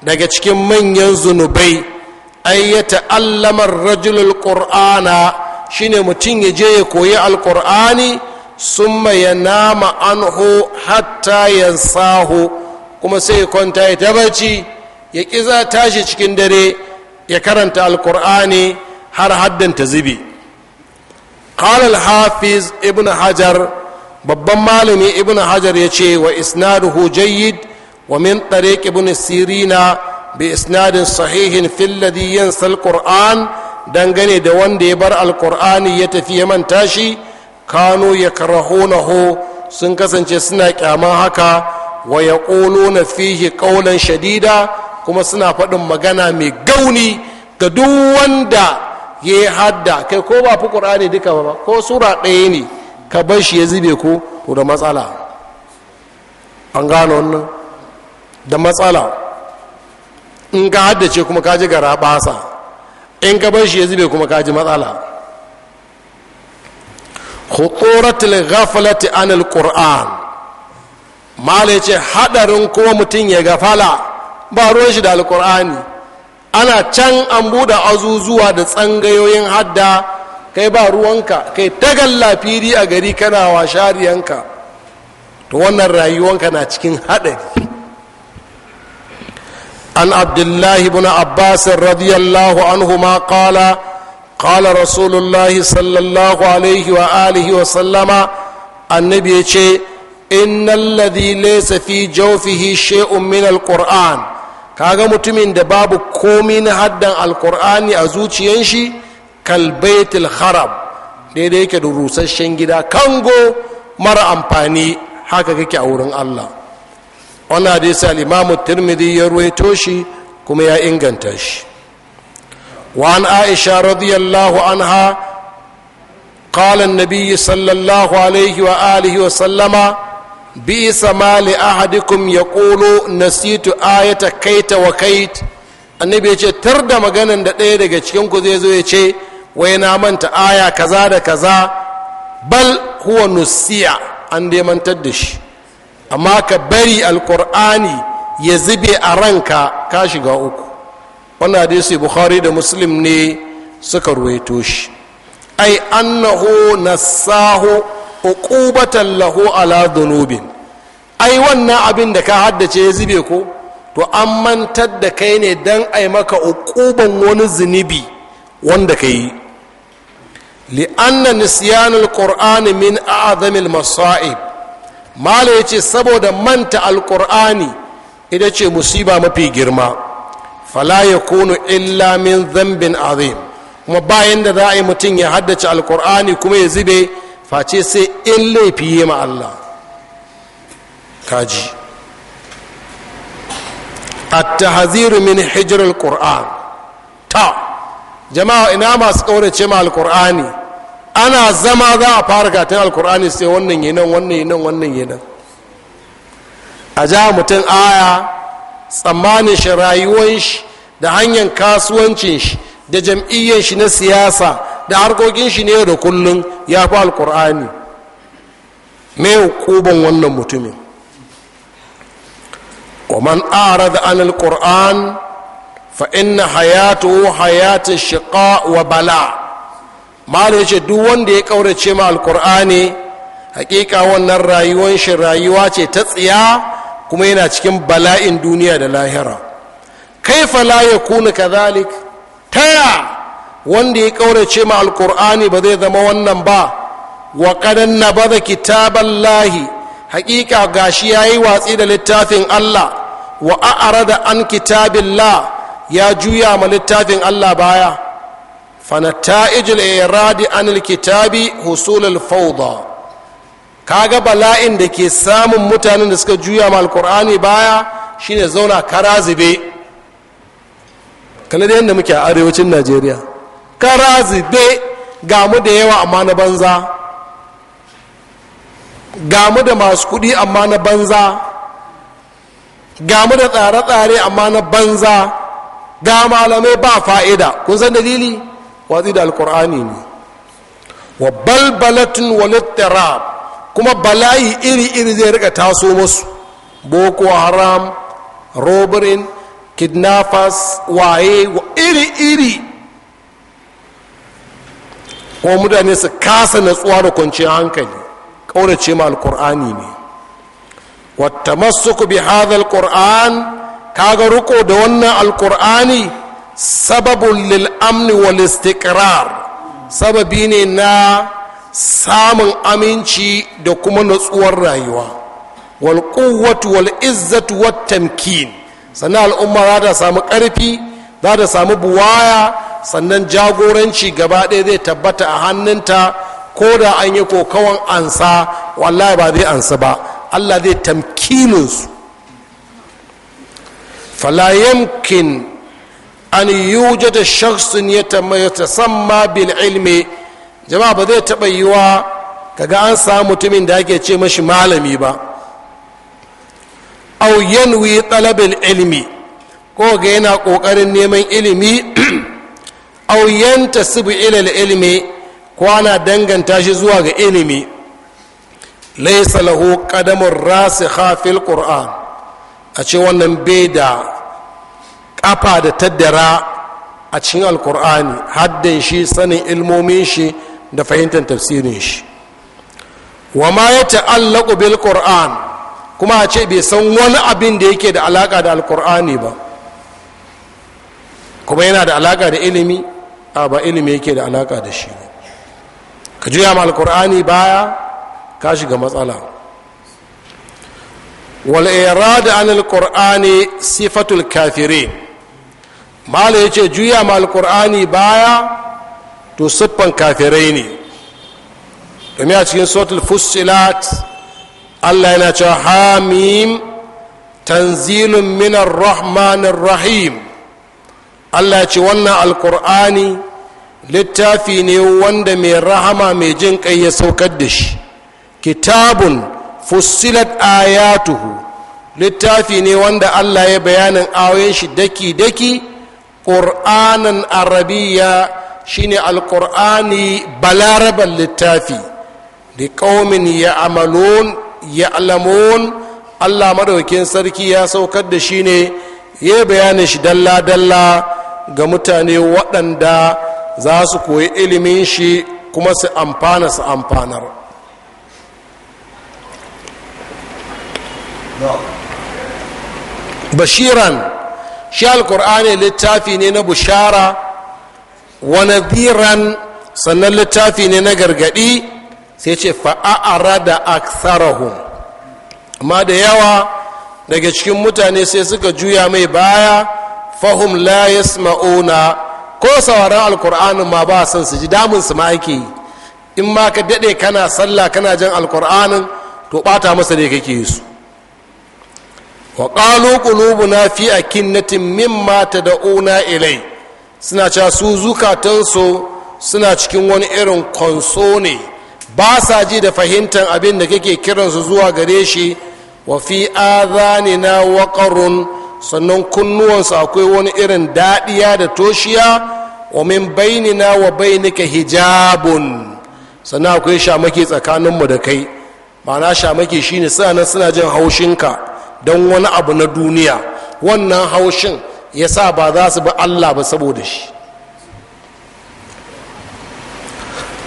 [SPEAKER 1] daga cikin manyan zunubai ai ya ta'allamar rajulul qur'ana shine mutum ya je ya koyi alqur'ani summa ya nama anhu hatta yansahu kuma sai ya kwanta ya tabaci ya kiza tashi cikin dare ya karanta alqur'ani har haddan ta zubi qala hafiz ibn hajar babban malami ibn hajar ya ce wa isnaduhu jayyid ومن طريق ابن سيرين بإسناد صحيح في الذي ينسى القرآن dangane da wanda ya bar alkur'ani ya tafi ya manta shi kano ya karahunahu sun kasance suna kyaman haka wa ya na fihi ƙaunan shadida kuma suna faɗin magana mai gauni ga duk wanda ya yi hadda kai ko ba fi ƙur'ani duka ba ko sura ɗaya ne ka bar shi ya zube ko to da matsala an gano wannan da matsala in ka haddace kuma ka ji gara basa in ka bar shi ya zube kuma ka ji matsala hukuratul ghaflati anil qur'an malai ce hadarin kuma mutum ya gafala ba ruwan shi da alqur'ani ana can an buɗe azuzuwa da tsangayoyin hadda kai ba ruwanka kai tagalla fili a gari kana washariyanka to wannan rayuwanka na cikin haɗari عن عبد الله بن عباس رضي الله عنهما قال قال رسول الله صلى الله عليه وآله وسلم النبي إن الذي ليس في جوفه شيء من القرآن mutumin da babu komi na haddan alkur'ani a zuciyan shi kalbaitul harab daidai yake da rusasshen gida kango mara amfani haka kake a wurin allah wani hadisi al'imamu turmidi ya ruwaito shi kuma ya inganta shi وعن عائشة رضي الله عنها قال النبي صلى wa sallama وآله وسلم بئس ما لأحدكم يقول نسيت kaita wa وكيت annabi ya ce tar da maganan da ɗaya daga cikin ku zai zo ya ce wai na manta aya kaza da kaza bal huwa nusiya an dai mantar da shi amma ka bari alkur'ani ya zube a ranka ka shiga uku wannan hadisi bukhari da muslim ne suka ruwaito shi ai annahu nassahu uqubatan lahu ala dhunubin ai wannan abin da ka haddace ya zube ko to an mantar da kai ne dan ai maka uquban wani zunubi wanda ka yi li'anna nisyanul qur'ani min a'zamil masa'ib mala ya ce saboda manta alkur'ani ita ce musiba mafi girma fala ya kunu illa min zambin azim kuma bayan da za a yi mutum ya haddace alkur'ani kuma ya zube face sai in laifi ya ma Allah kaji at haziru min hijirar ta jama'a ina masu kaurace ma alkur'ani ana zama za a fara gatan alkur'ani sai wannan yi nan wannan yi nan wannan yi nan a ja mutum aya tsammanin shi rayuwan shi da hanyar kasuwancin shi da jam'iyyar shi na siyasa da harkokin shi ne da kullum ya fi alkur'ani mai hukuban wannan mutumin ومن أعرض عن القرآن فإن حياته حياة wa وبلاء mala ya ce duk wanda ya ƙaurace ma alkur'ani hakika wannan rayuwan shi rayuwa ce ta tsiya kuma yana cikin bala'in duniya da lahira Kai la ya kuna kazalik taya wanda ya ƙaurace ma alkur'ani ba zai zama wannan ba wa kadan na bada kitaban lahi hakika gashi ya yi watsi da littafin allah wa a'ara da an kitabin la ya juya ma littafin allah baya فنتائج الإيراد عن الكتاب حصول الفوضى kaga bala'in da ke samun mutanen da suka juya ma alkur'ani baya shine zauna kara zube kana da yadda muke a arewacin najeriya Karazibe zube ga mu da yawa amma na banza ga mu da masu kudi amma na banza ga mu da tsare-tsare amma na banza ga malamai ba fa'ida kun san dalili wazi da alkur'ani ne wa balbalatin walittara kuma bala'i iri-iri zai rika taso masu boko haram robirin kidnappers waye wa iri-iri kuma mutane su kasa natsuwa da kwanciyar hankali Kaurace ma alkur'ani ne wata masu ku bi hadha alkur'an kaga ruko da wannan alkur'ani sababun lil amni wal sababi ne na samun aminci da kuma natsuwar rayuwa wal quwwatu wal izzatu wat tamkin sannan al'umma za ta samu ƙarfi za ta samu buwaya sannan jagoranci gaba ɗaya zai tabbata a hannunta ko da an yi kokawan ansa wallahi ba zai ansa ba allah zai tamkininsu fala yamkin an yujada ya yatasamma bil ilmi jama'a ba zai taɓa yiwa kaga an samu mutumin da ake ce mashi malami ba au yanwi talabin ilmi ko ga yana ƙoƙarin neman ilimi au yanta sibu ilal ilmi ko danganta shi zuwa ga ilimi laisa lahu qadamur rasikha fil qur'an a ce wannan bai da kafa da taddara a cikin alkur'ani haddin shi sanin ilmomin shi da fahimtar tafsirin shi wa ma ya ta'allaku bil qur'an kuma a ce bai san wani abin da yake da alaka da alkur'ani ba kuma yana da alaka da ilimi a ba ilimi yake da alaka da shi ka juya ma alkur'ani baya ka shiga matsala wal irada an qur'ani sifatul kafirin mala ya ce juya ma alkur'ani baya to siffan kafirai ne domin a cikin suratul fusilat allah yana ce hamim tanzilun minar rahmanir rahim allah ya ce wannan alkur'ani littafi ne wanda mai rahama mai jin kai ya saukar da shi kitabun fusilat ayatuhu littafi ne wanda allah ya bayanin ayoyin shi daki-daki ƙur'anan arabiya shine alƙur'ani balaraban littafi da ƙaumin ya amalon ya alamon allah madaukin sarki ya saukar da shi ne ya bayanin shi dalla-dalla ga mutane waɗanda za su koyi ilimin shi kuma su amfana su amfanar bashiran shi alkur'ani littafi ne na bushara wa nadhiran sannan littafi ne na gargadi sai ce fa'a'ara da aksarahum amma da yawa daga cikin mutane sai suka juya mai baya fahum la yasma'una ko sauran alkur'anin ma ba son su ji damun su ma ake yi in ma ka daɗe kana sallah kana jan alkur'anin to ɓata masa ne kake su wa ƙalo ƙulubuna fi a kinnatin mata da una ilai suna cewa su zukatansu suna cikin wani irin konso ne ba sa ji da fahimtar abin da kake kiransu zuwa gare shi wa fi na waƙarun sannan kunnuwansu akwai wani irin daɗiya da toshiya wa min bainina wa nika hijabun sannan akwai shamaki tsakaninmu da kai ma'ana shamaki shine suna nan suna jin haushinka don wani abu na duniya wannan haushin ya sa ba za su bi allah ba saboda shi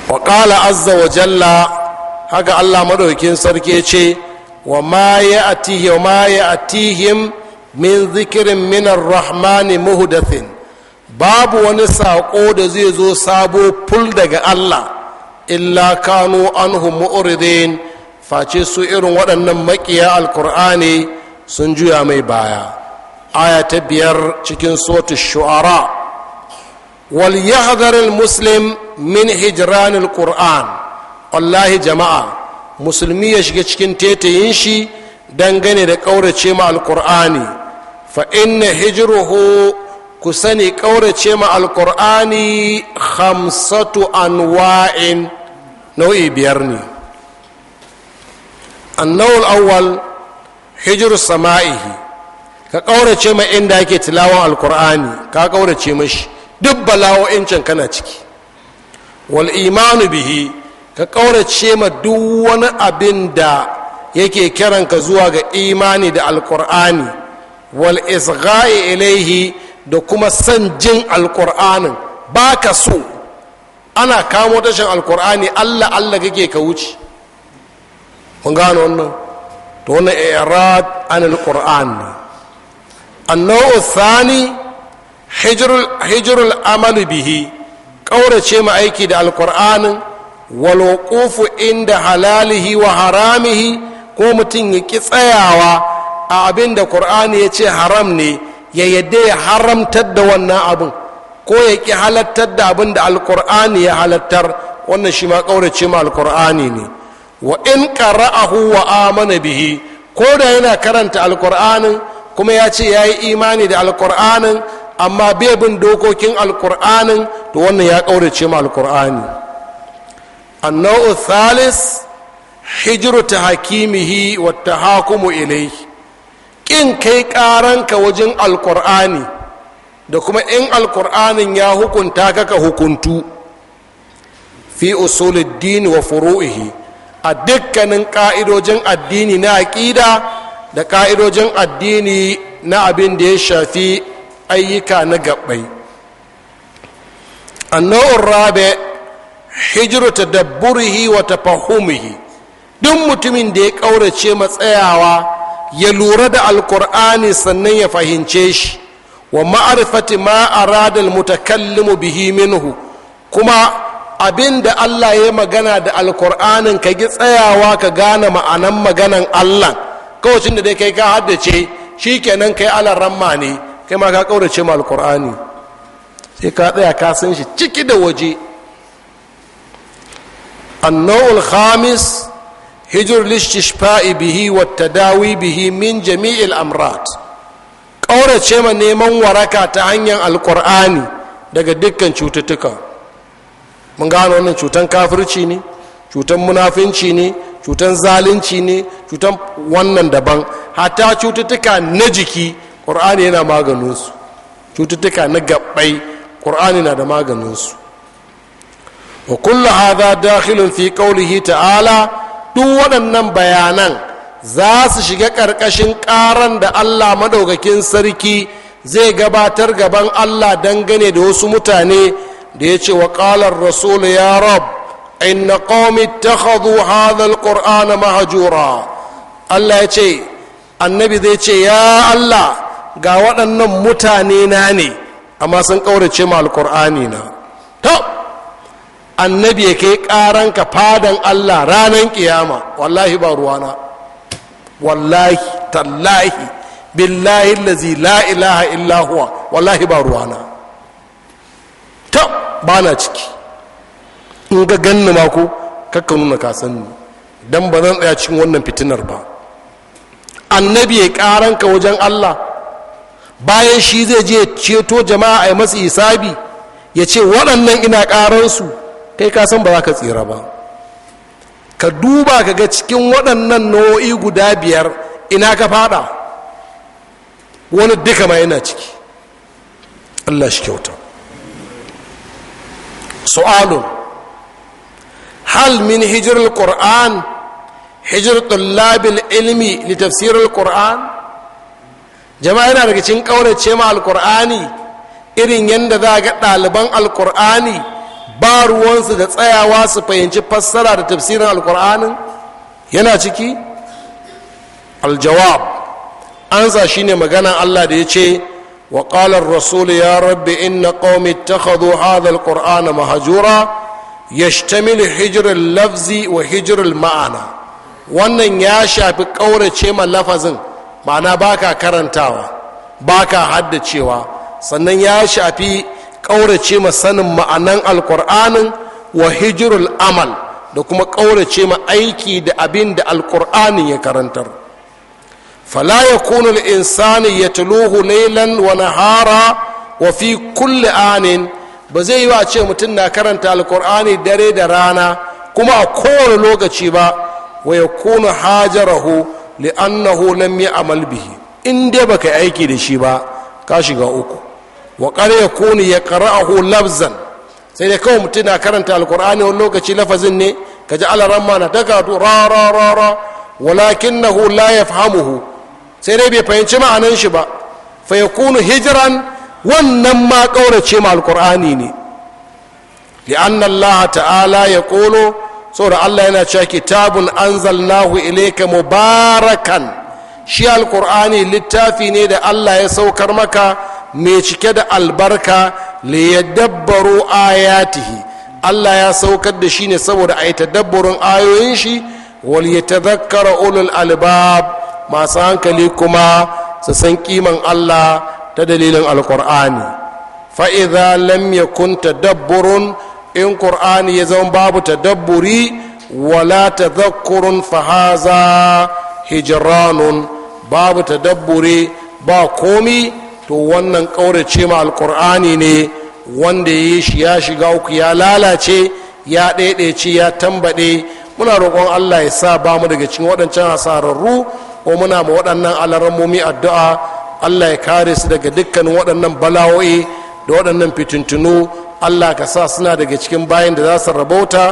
[SPEAKER 1] waƙala azza wa jalla haka allah maɗaukin sarki ce wa ma ya wa ma ya atihim min zikirin minar rahmani muhdathin babu wani saƙo da zai zo sabo ful daga allah illa kanu anhu mu'ridin face su irin waɗannan maƙiya alkur'ani sun juya mai baya aya ta biyar cikin sotu shu'ara wal yahdharil muslim min hijranil qur'an wallahi jama'a musulmi ya shiga cikin tetayin shi dangane da ƙaurace ma alƙur'ani fa inna hijruhu ku sani ƙaurace ma alkur'ani hamsatu anwa'in nau'i biyar ne annawul awwal hijiru sama'ihi ka ƙaurace ma inda ake tilawan alkur'ani ka kaurace mashi duk bala'o'incin kana ciki wal imanu bihi ka ƙaurace ma duk wani abin da yake kiranka zuwa ga imani da alkur'ani wal isgha'i ilaihi da kuma san jin alkur'anin baka so ana kamo tashin alkur'ani allah allah kake ka wuce mun gano wannan to wani irad an alquran ne annau sani hijrul amalu bihi ƙaurace ma aiki da alqur'anin walokufu inda halalihi wa haramihi ko mutum ya tsayawa a abin da ƙur'ani ya ce haram ne ya yadda ya haramtar da wannan abin ko ya ki halartar da abin da alƙur'ani ya halattar wannan shi ma ƙaurace ma alƙur'ani ne wa in qara'ahu wa amana bihi ko da yana karanta alqur'anin kuma ya ce ya yi imani da alqur'anin amma bai bin dokokin alqur'anin to wannan ya kaurace ma alqur'ani annau thalis hijru tahkimihi wa tahakumu ilayhi kin kai karanka wajen alqur'ani da kuma in alqur'anin ya hukunta ka ka hukuntu fi usulid din wa furu'ihi a dukkanin ƙa'idojin addini na aƙida da ƙa'idojin addini na abin da ya shafi ayyuka na gaɓɓai annawar rabe hijiru ta dabburihi wa tafahumihi duk mutumin da ya ƙaurace matsayawa ya lura da alkur'ani sannan ya fahimce shi wa ma'arifati ma aradal mutakallimu bihi minhu kuma abin da allah ya magana da alkur'anin ka gi tsayawa ka gane ma'anan maganan allah kawacin da dai kai ka haddace shi kenan kai alar ramma ne kai ma ka kaurace ma alkur'ani sai ka tsaya ka san shi ciki da waje annawul khamis hijir listishfa'i bihi wa tadawi bihi min jami'il amrat ƙaurace ma neman waraka ta hanyar alkur'ani daga dukkan cututtukan mun gano wannan cutan kafirci ne cutan munafinci ne cutan zalunci ne cutan wannan daban hata cututtuka na jiki ƙur'ani yana maganinsu cututtuka na gabbai ƙur'ani na da maganinsu wa kullu hadha dakhilun fi qawlihi ta'ala duk waɗannan bayanan za su shiga ƙarƙashin ƙaran da Allah madaukakin sarki zai gabatar gaban Allah dangane da wasu mutane da ya ce wa ƙalar rasul ya rab inna qaumi takhadhu hadha alqur'ana mahjura Allah ya ce annabi zai ce ya Allah ga waɗannan mutane na ne amma sun ƙaurace ma alqur'ani na to annabi ya kai ƙaranka fadan Allah ranar kiyama wallahi ba ruwana wallahi tallahi billahi lazi la ilaha illahuwa wallahi ba ruwana to ba na ciki in ga ganni ma ko kakka nuna ka ni dan ba zan tsaya cikin wannan fitinar ba annabi ya ka wajen Allah bayan shi zai je ceto jama'a a yi masu isabi ya ce waɗannan ina ƙaransu kai ka san ba za ka tsira ba ka duba ka ga cikin waɗannan nau'o'i guda biyar ina ka fada wani duka ma yana ciki allah shi kyauta su'alun hal min hijir al-qur'an hijir tullabil ilmi li tafsir al jama'a yana daga cikin kaurace ma al-qur'ani irin yadda za ga ɗaliban al-qur'ani ba ruwansu da tsayawa su fahimci fassara da tafsirin al-qur'anin yana ciki aljawab ansa shine maganan allah da ya ce Waƙalar وقال الرسول يا رب إن قوم اتخذوا هذا القرآن مهجورا hijirar lafzi wa hijirar ma'ana, wannan ya shafi ƙaurace ma lafazin ma'ana baka karantawa baka haddacewa sannan ya shafi ƙaurace ma sanin ma'anan alƙur'anin wa hijirul amal da kuma ƙaurace ma aiki da abinda da alƙur'anin ya karantar fala ya kunu insani ya tuluhu nailan wa nahara wa fi kulli anin ba zai yi wa ce mutum na karanta alkur'ani dare da rana kuma a kowane lokaci ba wa ya kunu hajarahu li'annahu lam ya'mal bihi in dai baka aiki da shi ba ka shiga uku wa qara yakunu yaqra'uhu lafzan sai dai kawai mutum na karanta alkur'ani wani lokaci lafazin ne kaji alaran ma na ta ra ra ra ra walakinahu la yafhamuhu sai dai bai fahimci ma'anan shi ba fayakunu yakunu hijran wannan ma kaurace ma alqur'ani ne li'anna Allah ta'ala ya ƙolo, saboda Allah yana cewa kitabun anzalnahu ilayka mubarakan shi alkur'ani littafi ne da Allah ya saukar maka mai cike da albarka liyadabbaru ayatihi Allah ya saukar da shi ne saboda a yi tadabburin ayoyin shi wal yatadhakkara ulul albab masu hankali kuma su san kiman allah ta dalilin alkur'ani fa'iza lam kun tadabburun in kur'ani ya zama babu tadabburi wala tadhakkurun fahaza hijranun babu tadabburi ba komi to wannan ƙaurace ma alkur'ani ne wanda ya shi ya shiga uku ya lalace ya ɗaiɗaice ya tambaɗe muna roƙon allah ya sa ba mu daga cikin waɗancan hasararru ko muna ma waɗannan alarammomi addu'a allah ya kare su daga dukkanin waɗannan bala'o'i da waɗannan fitintunu allah ka sa suna daga cikin bayan da za su rabauta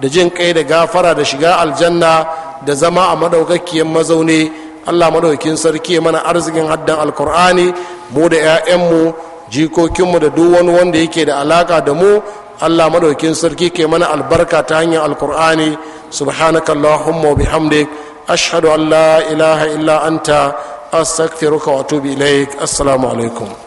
[SPEAKER 1] da jin kai da gafara da shiga aljanna da zama a maɗaukakkiyar mazaune. allah maɗaukin sarki mana arzikin haddan alkur'ani mu da 'ya'yanmu jikokinmu da duk wani wanda yake da alaka da mu allah maɗaukin sarki ke mana albarka ta hanyar alkur'ani subhanakallahumma wa bihamdik ashhadu an la ilaha illa anta astaghfiruka wa atubu ilaik assalamu alaikum